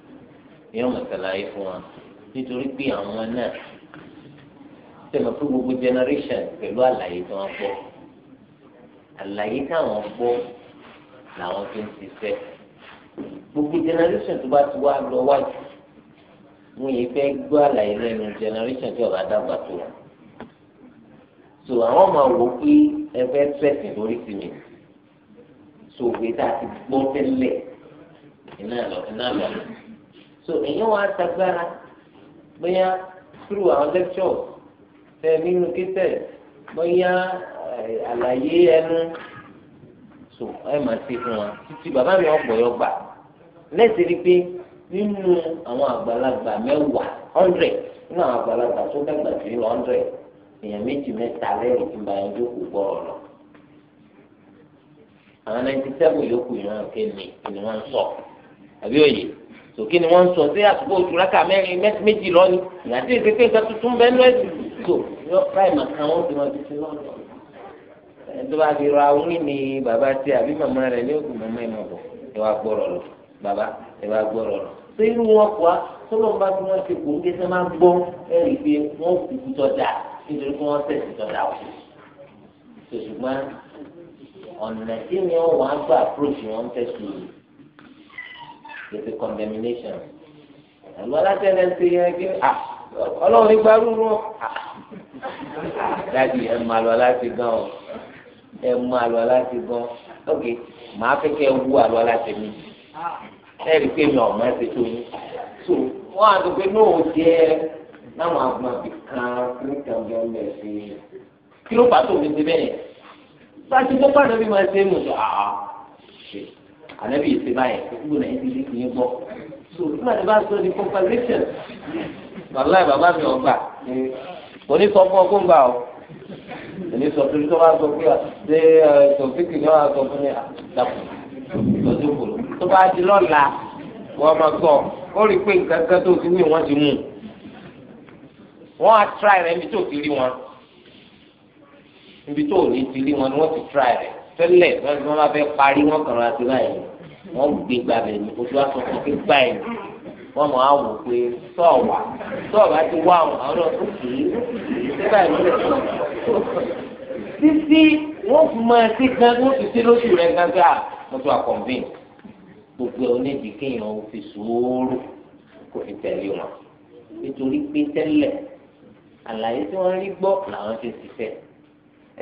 yóò mọ̀ sàlàyé fún wa nítorí pé àwọn náà tẹ̀mọ̀ fún gbogbo generation pẹ̀lú àlàyé tí wọ́n gbọ́ àlàyé táwọn gbọ́ làwọn fi ń ṣiṣẹ́ gbogbo generation tó bá ti wá lọ wájú wọn yìí fẹ́ gbọ́ àlàyé lẹ́nu generation tí ọba dàgbà tó wọn so àwọn máa wò pé ẹ fẹ́ tẹ̀sìn lórí sí mi so òwe tá a ti gbọ́ tẹ́lẹ̀ iná lọ iná lọ. so èyàn wà tagbára bóyá through àwọn lectures fẹ́ nínú kíntẹ̀ bóyá àlàyé ẹnu so ẹ máa ti fún wa títí bàbá mi ọgbọ̀yọgbà lẹ́sìn rí pé nínú àwọn àgbàlagbà mẹ́wàá hundred nínú àwọn àgbàlagbà tó dàgbà sí lọ hundred èèyàn méjì mẹ́ta lẹ́yìn tí bá yẹn jókòó gbọ́rọ̀ lọ. àwọn ninety seven yòókù yìí wọn kéde ni sòkè ni wọ́n ń sọ sí àtúgbò òtúrákà mẹ́rin méjì lọ́ni ìyàtí èsì pé nǹkan tuntun bẹ́ẹ̀ nú ẹ̀sìn tó yọ prime kan wọ́n ti wọ́n ti fi lọ́nà tó bá fi ra orí ni bàbá tí àbí màmá rẹ̀ ní òkú màmá ìmọ̀ bọ̀ ẹ wá gbọ́rọ̀ lọ bàbá ẹ wá gbọ́rọ̀ lọ. tó irú wọn kọ́ a tó lọ́n bá fi wọ́n ṣe kò ń gé sẹ́ máa gbọ́ ẹ rí i pé wọ́n kù kú tọ́jà nítorí pé wọ́n tẹ̀sí tọ́jà wọ̀. ṣùgbọ́n ọ̀nà tí wọ́n wá gbà approach wọn tẹ̀sí yìí ètò condemnation àlọ́ alátẹ̀lẹ̀ ń ṣe yẹn kí à ọlọ́run ní gbárù rọ dájú ẹ máa lọ láti gan ọ ẹ máa lọ láti gan ok màá fẹ́ kẹ́ wú àlọ́ aláṣẹ mi ẹ rí i pé mi ò máa ṣe tó yín so wọn á sọ pé náà ó jẹ láwọn agbọ̀nbí kan ní kàngán bẹ̀rẹ̀ sí i kí ló bá tó fi ṣe bẹ́ẹ̀ bá a ti gbọ́ pàdánù bí wọ́n ṣe é mú sọ àá ṣe ànábì ìṣe báyẹn gbogbo náà ẹni lè kìí gbọ́ so nígbà tí bá sọ ní compensation wàhálà bàbá mi ọgbà kò ní sọ fún ọgbọ́n gbà o kò ní sọ torí tó bá sọ pé ṣé tòfíkì ni wọ́n á sọ fún mi àdàpọ̀ ah, lọ́jọ́ kòló tó bá di lọ́la wọ́n máa sọ ó rí i pé nǹkan kan tó ti wí wọ́n ti mú wọ́n á try rẹ̀ níbi tó ti rí wọn níbi tó ò ní ti rí wọn ni wọ́n ti try rẹ̀ tẹ́lẹ̀ wọ́n máa fẹ́ parí wọn kàn láti báyìí wọ́n gbé gbàgbé ní ojú àtúntò pé báyìí wọ́n mọ̀ àwọn wò pé sọ̀wà sọ̀wà ti wá àwọn àwọn ọ̀dọ́ tó kì í ṣé báyìí ló lè sọ. títí wọ́n fún máa ti gan wọ́n ti sí lóṣù rẹ̀ gángan wọ́n tún àkọ́ǹfìn gbogbo onídìí kéèyàn fi sùúrù kò fi tẹ̀lé wọn nítorí pé tẹ́lẹ̀ àlàyé tí wọ́n rí gbọ́ làwọn ti ṣiṣẹ́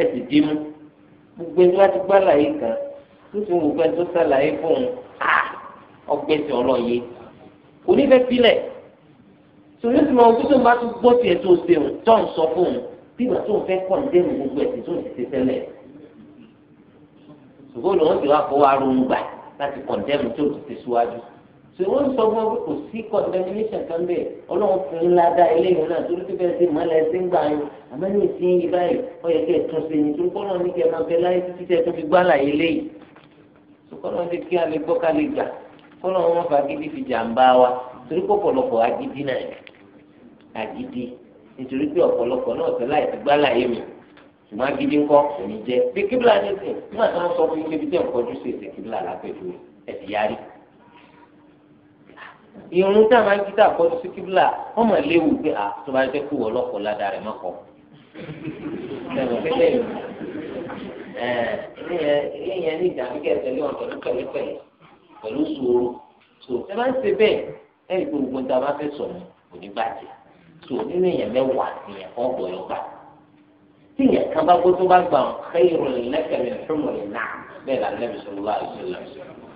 ẹ̀ sì dín mú gbogbo ẹni láti gbá àlàyé kan tó sì ń wò pé tó sàlàyé fún un ọgbẹ́ sí ọlọ́yẹ kò ní fẹ́ pilẹ̀ sòrí sì máa wọ́n tó ń bá tó gbọ́ tiẹ̀ tó ṣeun tó ń sọ fún bí ìgbà tó ń fẹ́ pọ̀ nídẹ́nu gbogbo ẹ̀sìn tó ń ti ṣe tẹ́lẹ̀ ṣùgbọ́n lòun ti wá kó wa ronú gbà láti kọ̀ndẹ́mù tó ti ṣe síwájú tí wọ́n sọ fún ọ pé kò sí condemnation kan bẹ́ẹ̀ ọlọ́run fún ńlá dá eléyìí náà torí pé bẹ́ẹ̀ sí ìmọ̀lẹ̀ ẹsẹ̀ ń gbà yín àmọ́ ní ìsín yìí báyìí ó yẹ kí ẹ tún sí ní torí kọ́nà ní kí ẹ máa bẹ láyé títí tẹ tó fi gbá láyé léyìí tó kọ́nà ní kí a lè gbọ́ ká lè gbà kọ́nà wọn fà gidi fi jàǹbá wa torí pé ọ̀pọ̀lọpọ̀ agidi náà agidi nítorí pé ọ̀pọ̀lọpọ̀ náà fẹ́ láyé ti yarí irun tá a máa ń kí tá a kọjú sí kíbla wọn máa léwu pé a tó bá jẹ kó wọ ọlọpọ ládàá rẹ mọkọ ìyẹn ní ìdàgbẹ́kẹ̀ tẹ̀lé wọn pẹ̀lú pẹ̀lẹ́pẹ̀lẹ́ pẹ̀lú sùúrù tó ẹ bá ń ṣe bẹ́ẹ̀ ẹ rí i pé a nta bá fẹ́ sọ̀rọ̀ kò ní bàjẹ́ tó nínú èèyàn mẹ́wàá èèyàn kan bọ̀ yọ̀ gbà tí èèyàn kan bá gbó tó bá gbà ń kẹ́ ìròyìn lẹ́kẹ̀ẹ́ mi fún mi náà bẹ́ẹ̀ làlẹ́ mi sọ̀rọ̀ láàrín sọ̀rọ̀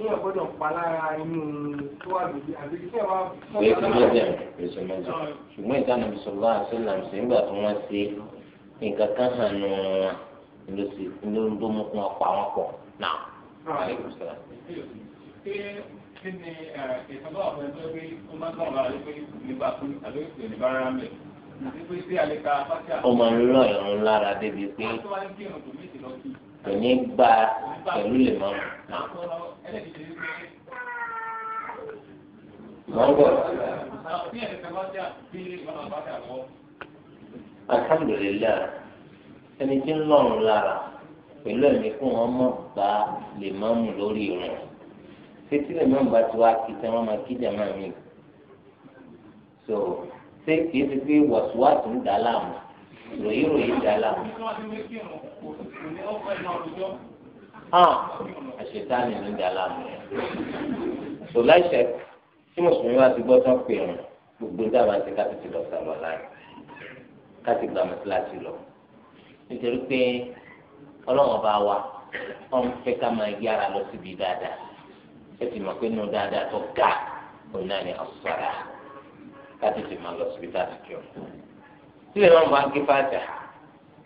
yíyan gbọ́dọ̀ pa lára inú tó wà lóde àbí tí ẹ bá. èso mẹ́jọ èso mẹ́jọ ṣùgbọ́n ìtàn ìṣòro àti ìlànà ìgbà tí wọ́n ṣe nǹkan kan hàn nù wọn ló ló mú kí wọ́n pa wọn pọ̀ náà. kí ni ìtàn tó wà fún ẹgbẹ́ pé ó máa ń gbọ́n lára pé nípa fún àlọ́ ìpè ní bára ń bẹ̀ ó máa ń lọ ìrún lára débi pé kò ní gba pẹ̀lú lè mọ́ mọ́ngọ̀. alhamdulilayi ẹni tí ń lọ́rùn lára pẹ̀lú ẹ̀mí fún wọn mọ̀ bá lè mọ́ mú lórí rẹ̀ títí lè mọ́ bá ti wá kí tẹ́ wọ́n máa kí jàmáà mi. so ṣé kìí ti pé wàsíwàsí ń dà láàmú ròyìn ròyìn dala hàn àṣetánì ní dala mọ so láìsẹ tí mùsùlùmí bá ti gbọ́ tán pè wọn gbogbo dábàá ti ká tètè lọ sàlọ láì ká ti gbà mọ́tíláṣí lọ nítorí pé ọlọ́run ọba wa wọ́n fẹ́ ká máa yára lọ síbi dáadáa ẹ ti mọ̀ pé nù dáadáa tó ga òun náà ni ọ̀sọ̀rà ká tètè máa lọ síbi dáadáa kí ọ sílẹ̀ máa ń bá ké fáti à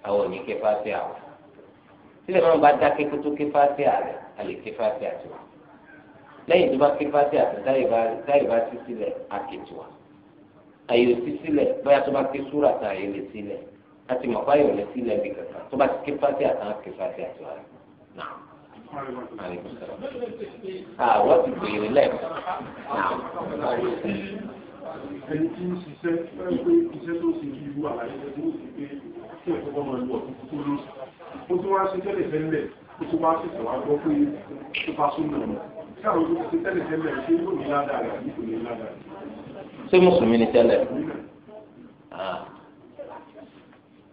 àwọn òní ké fáti à wọ̀ sílẹ̀ máa ń bá dá ké kótó ké fáti à rẹ̀ a lè ké fáti à tó wa lẹ́yìn tó bá ké fáti à tó táyì bá sí sílẹ̀ a ké àyè ò sílẹ̀ bóyá tó bá ké súrà tó àyè lè sílẹ̀ láti mọ̀ fáyọ̀ lè sílẹ̀ bí kankan tó bá ké fáti à tó ké fáti à tó wa nà. Àwọn ti gbèrè lẹ́ẹ̀kan ẹni tí ń ṣiṣẹ́ pé iṣẹ́ tó sì ju àlàyé tó sì pé kí ẹ̀kọ́ bọ́ máa lu ọ̀tún tó lọ ó tún wá ṣe tẹ́lẹ̀ tẹ́lẹ̀ ó tún wá ṣe tẹ̀wá gbọ́ pé ó bá sún náà lọ kí àwọn tó ṣe tẹ́lẹ̀ tẹ́lẹ̀ ṣe yóò ní ládàá rẹ̀ àbí kò ní ládàá rẹ̀. ṣé mùsùlùmí ni tẹ́lẹ̀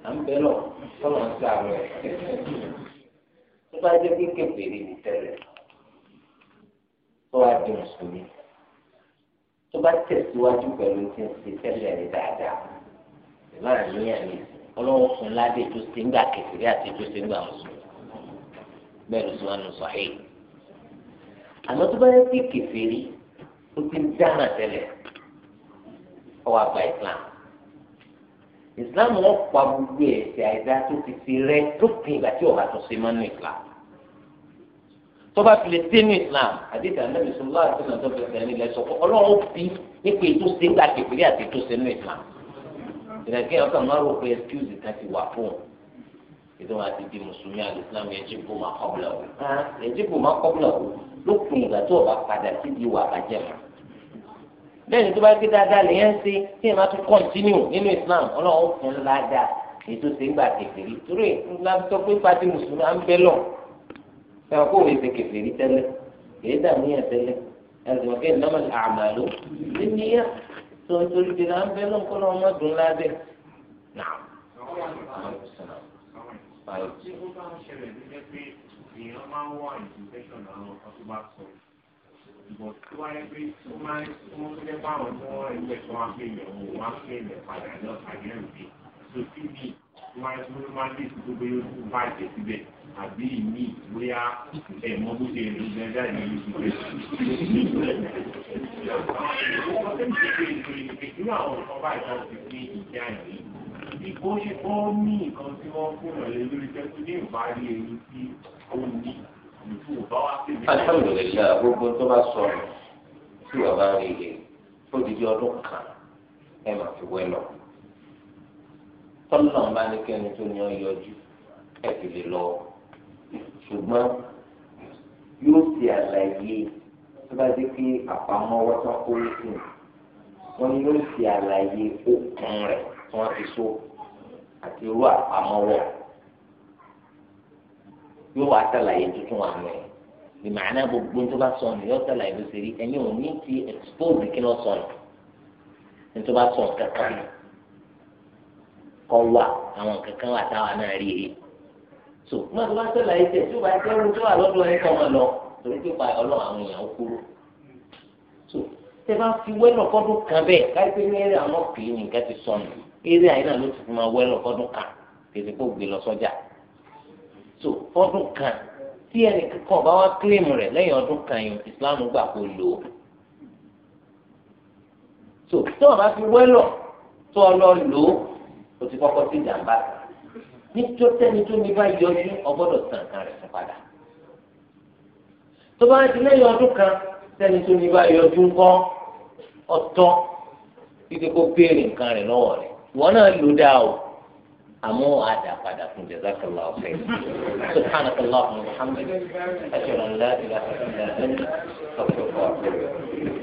à ń bẹ́ lọ fọlọ́n sí ààrẹ tó bá jẹ́ kékeré wá di mùsùlùmí tó bá tẹ̀síwájú pẹ̀lú tí ń ṣe tẹ́lẹ̀ ní dáadáa ìmọ̀ àníyàn ni ọlọ́wọ́ fún ládé tó ṣe ń gbà kẹfìrí àti tó ṣe ń gbà mùsùlùmí bẹ́ẹ̀ ló sọ wọn nù sọ̀hìn. àmọ́ tó bá yẹ kí kẹfìrí ó ti ń dáná tẹ́lẹ̀ ó wá gba Islam Islam wọn pa gbogbo ẹ̀ṣẹ̀ àìdá tó ti fi rẹ tó pin ìgbà tí ọ̀gá tó ṣe mọ́nú Islam tọ́ba fi lè dé ní islam àdìsá nàbì sọlá àti nàbì sọlá àti nàbì lẹ́sọ̀ ọlọ́run fi nípa ètò sẹ́ńgà kékeré àti ètò sẹ́nu islam ìrẹ̀kẹ́ ọkọ̀ máa rò pé excuse kan ti wà fún un ètò wọn àti di mùsùlùmí alìsílám ẹjíbù máa kọ́bùlà o ẹjíbù máa kọ́bùlà o lópin ìgbà tó o bá padà sí di wà bàjẹ́ mọ́. bẹ́ẹ̀ ni tó bá gbé dáadáa lè yẹn ṣe kí ẹ máa tún kọ́ntínú nínú islam ọlọ́run fún ńlá dáa ètò ṣe ń gbà kékeré torí islam sọ pé pàtí mùsùlùmí à fẹ́ràn kó wòye ṣe kẹfìrí tẹ́lẹ̀ kìí dàmú yẹn tẹ́lẹ̀ ẹ̀sìn kẹ́ ìnáwó àmàlú níbi yá tó ń torí ti náà ń bẹ́ lóko náà ọmọ dùn ládẹ́ náà. tí ó bá ń ṣẹlẹ̀ ní jẹ́ pé èèyàn máa ń wá ìdúpẹ́sọ̀n àwọn ọkọ̀ tó bá sọ ìbọn tó wáyé pé ó máa ń mú sílẹ̀ báwọn tí wọ́n ẹgbẹ́ tó wá pé ìyẹ̀wò wá pé ìyẹ̀wò padà lọ àyẹ̀wò wọ́n á tún máa dé ìsìnkú bóyá ó tún máa jẹ síbẹ̀ àbí ìmí bóyá ẹ̀ mọ́ bó ṣe rí dáadáa ní ìlú síbẹ̀. nínú àwọn nǹkan báyìí wọ́n ti fi ìjà yìí ìkó ṣe ó ní nǹkan tí wọ́n fún ìrọ̀lẹ́ lórí tẹ́tù ní ìparí ẹni tí ó ní ìlú ọba wá sí mi. alhamdulilayi gbogbo tó bá sọ̀rọ̀ tí wàá bá rí i ó di bí ọdún kan ẹ máa fi wẹ́ lọ tọ́lọ̀ bá ní kẹ́ni tó ní ọyọjú ẹ̀kì lè lọ ṣùgbọ́n yóò ṣe àlàyé tó bá dé pé àpamọ́ wọ́tá kórè sí wọn ni yóò ṣe àlàyé okùn rẹ̀ tí wọ́n fi so àti irú àpamọ́wọ́ yóò wá ṣàlàyé tuntun wà mọ́ ẹ̀ ìmọ̀ràn gbogbo tó bá sọ ọ̀nà yóò ṣàlàyé bó ṣe rí ẹ̀yin ò ní ti expose kí ló sọ ọ̀nà ní tó bá sọ ọ̀nà kankan kọ́ wà àwọn kankan wà táwa náà rí i so má tó bá sọ̀lá yìí tẹ̀ tí ó bá jẹ́ ohun tó wà lọ́dọ̀ ẹ̀ kọ́ lọ torí pé pa ọlọ́run àwọn èèyàn kúrò so tẹ bá fi wẹ́lọ̀ kọ́dún kan bẹ́ẹ̀ káyipẹ́ ní eré àwọn kì í nìkan ti sọnù eré àyè náà ló ti fi máa wẹ́lọ̀ kọ́dún kan kèsì kó gbé lọ sọ́jà so fọ́dún kan tí ẹnì kankan bá wá kílèmù rẹ̀ lẹ́yìn ọdún kan yìí Islam gbà kó lò ó so tí wọ́n bá fi wẹ́lọ̀ tó ọ lọ lò ó o ti kọ́kọ́ sí ìjàmbá nítorí tẹ́ni tó ní bá yọjú ọgbọ́dọ̀ tàn kan rẹ̀ fún padà tó bá ti lẹ́yìn ọdún kan tẹ́ni tó ní bá yọjú ńkọ́ ọ̀tọ̀ títí kó béèrè nǹkan rẹ̀ lọ́wọ́ rẹ̀ ìwọ náà lò dáa o àmọ́ àdá padà fún jazakallah ọ̀fẹ́ subhanakallah muhammed ashhadu an la ilaha illa anta astaghfiruka wa atubu ilayk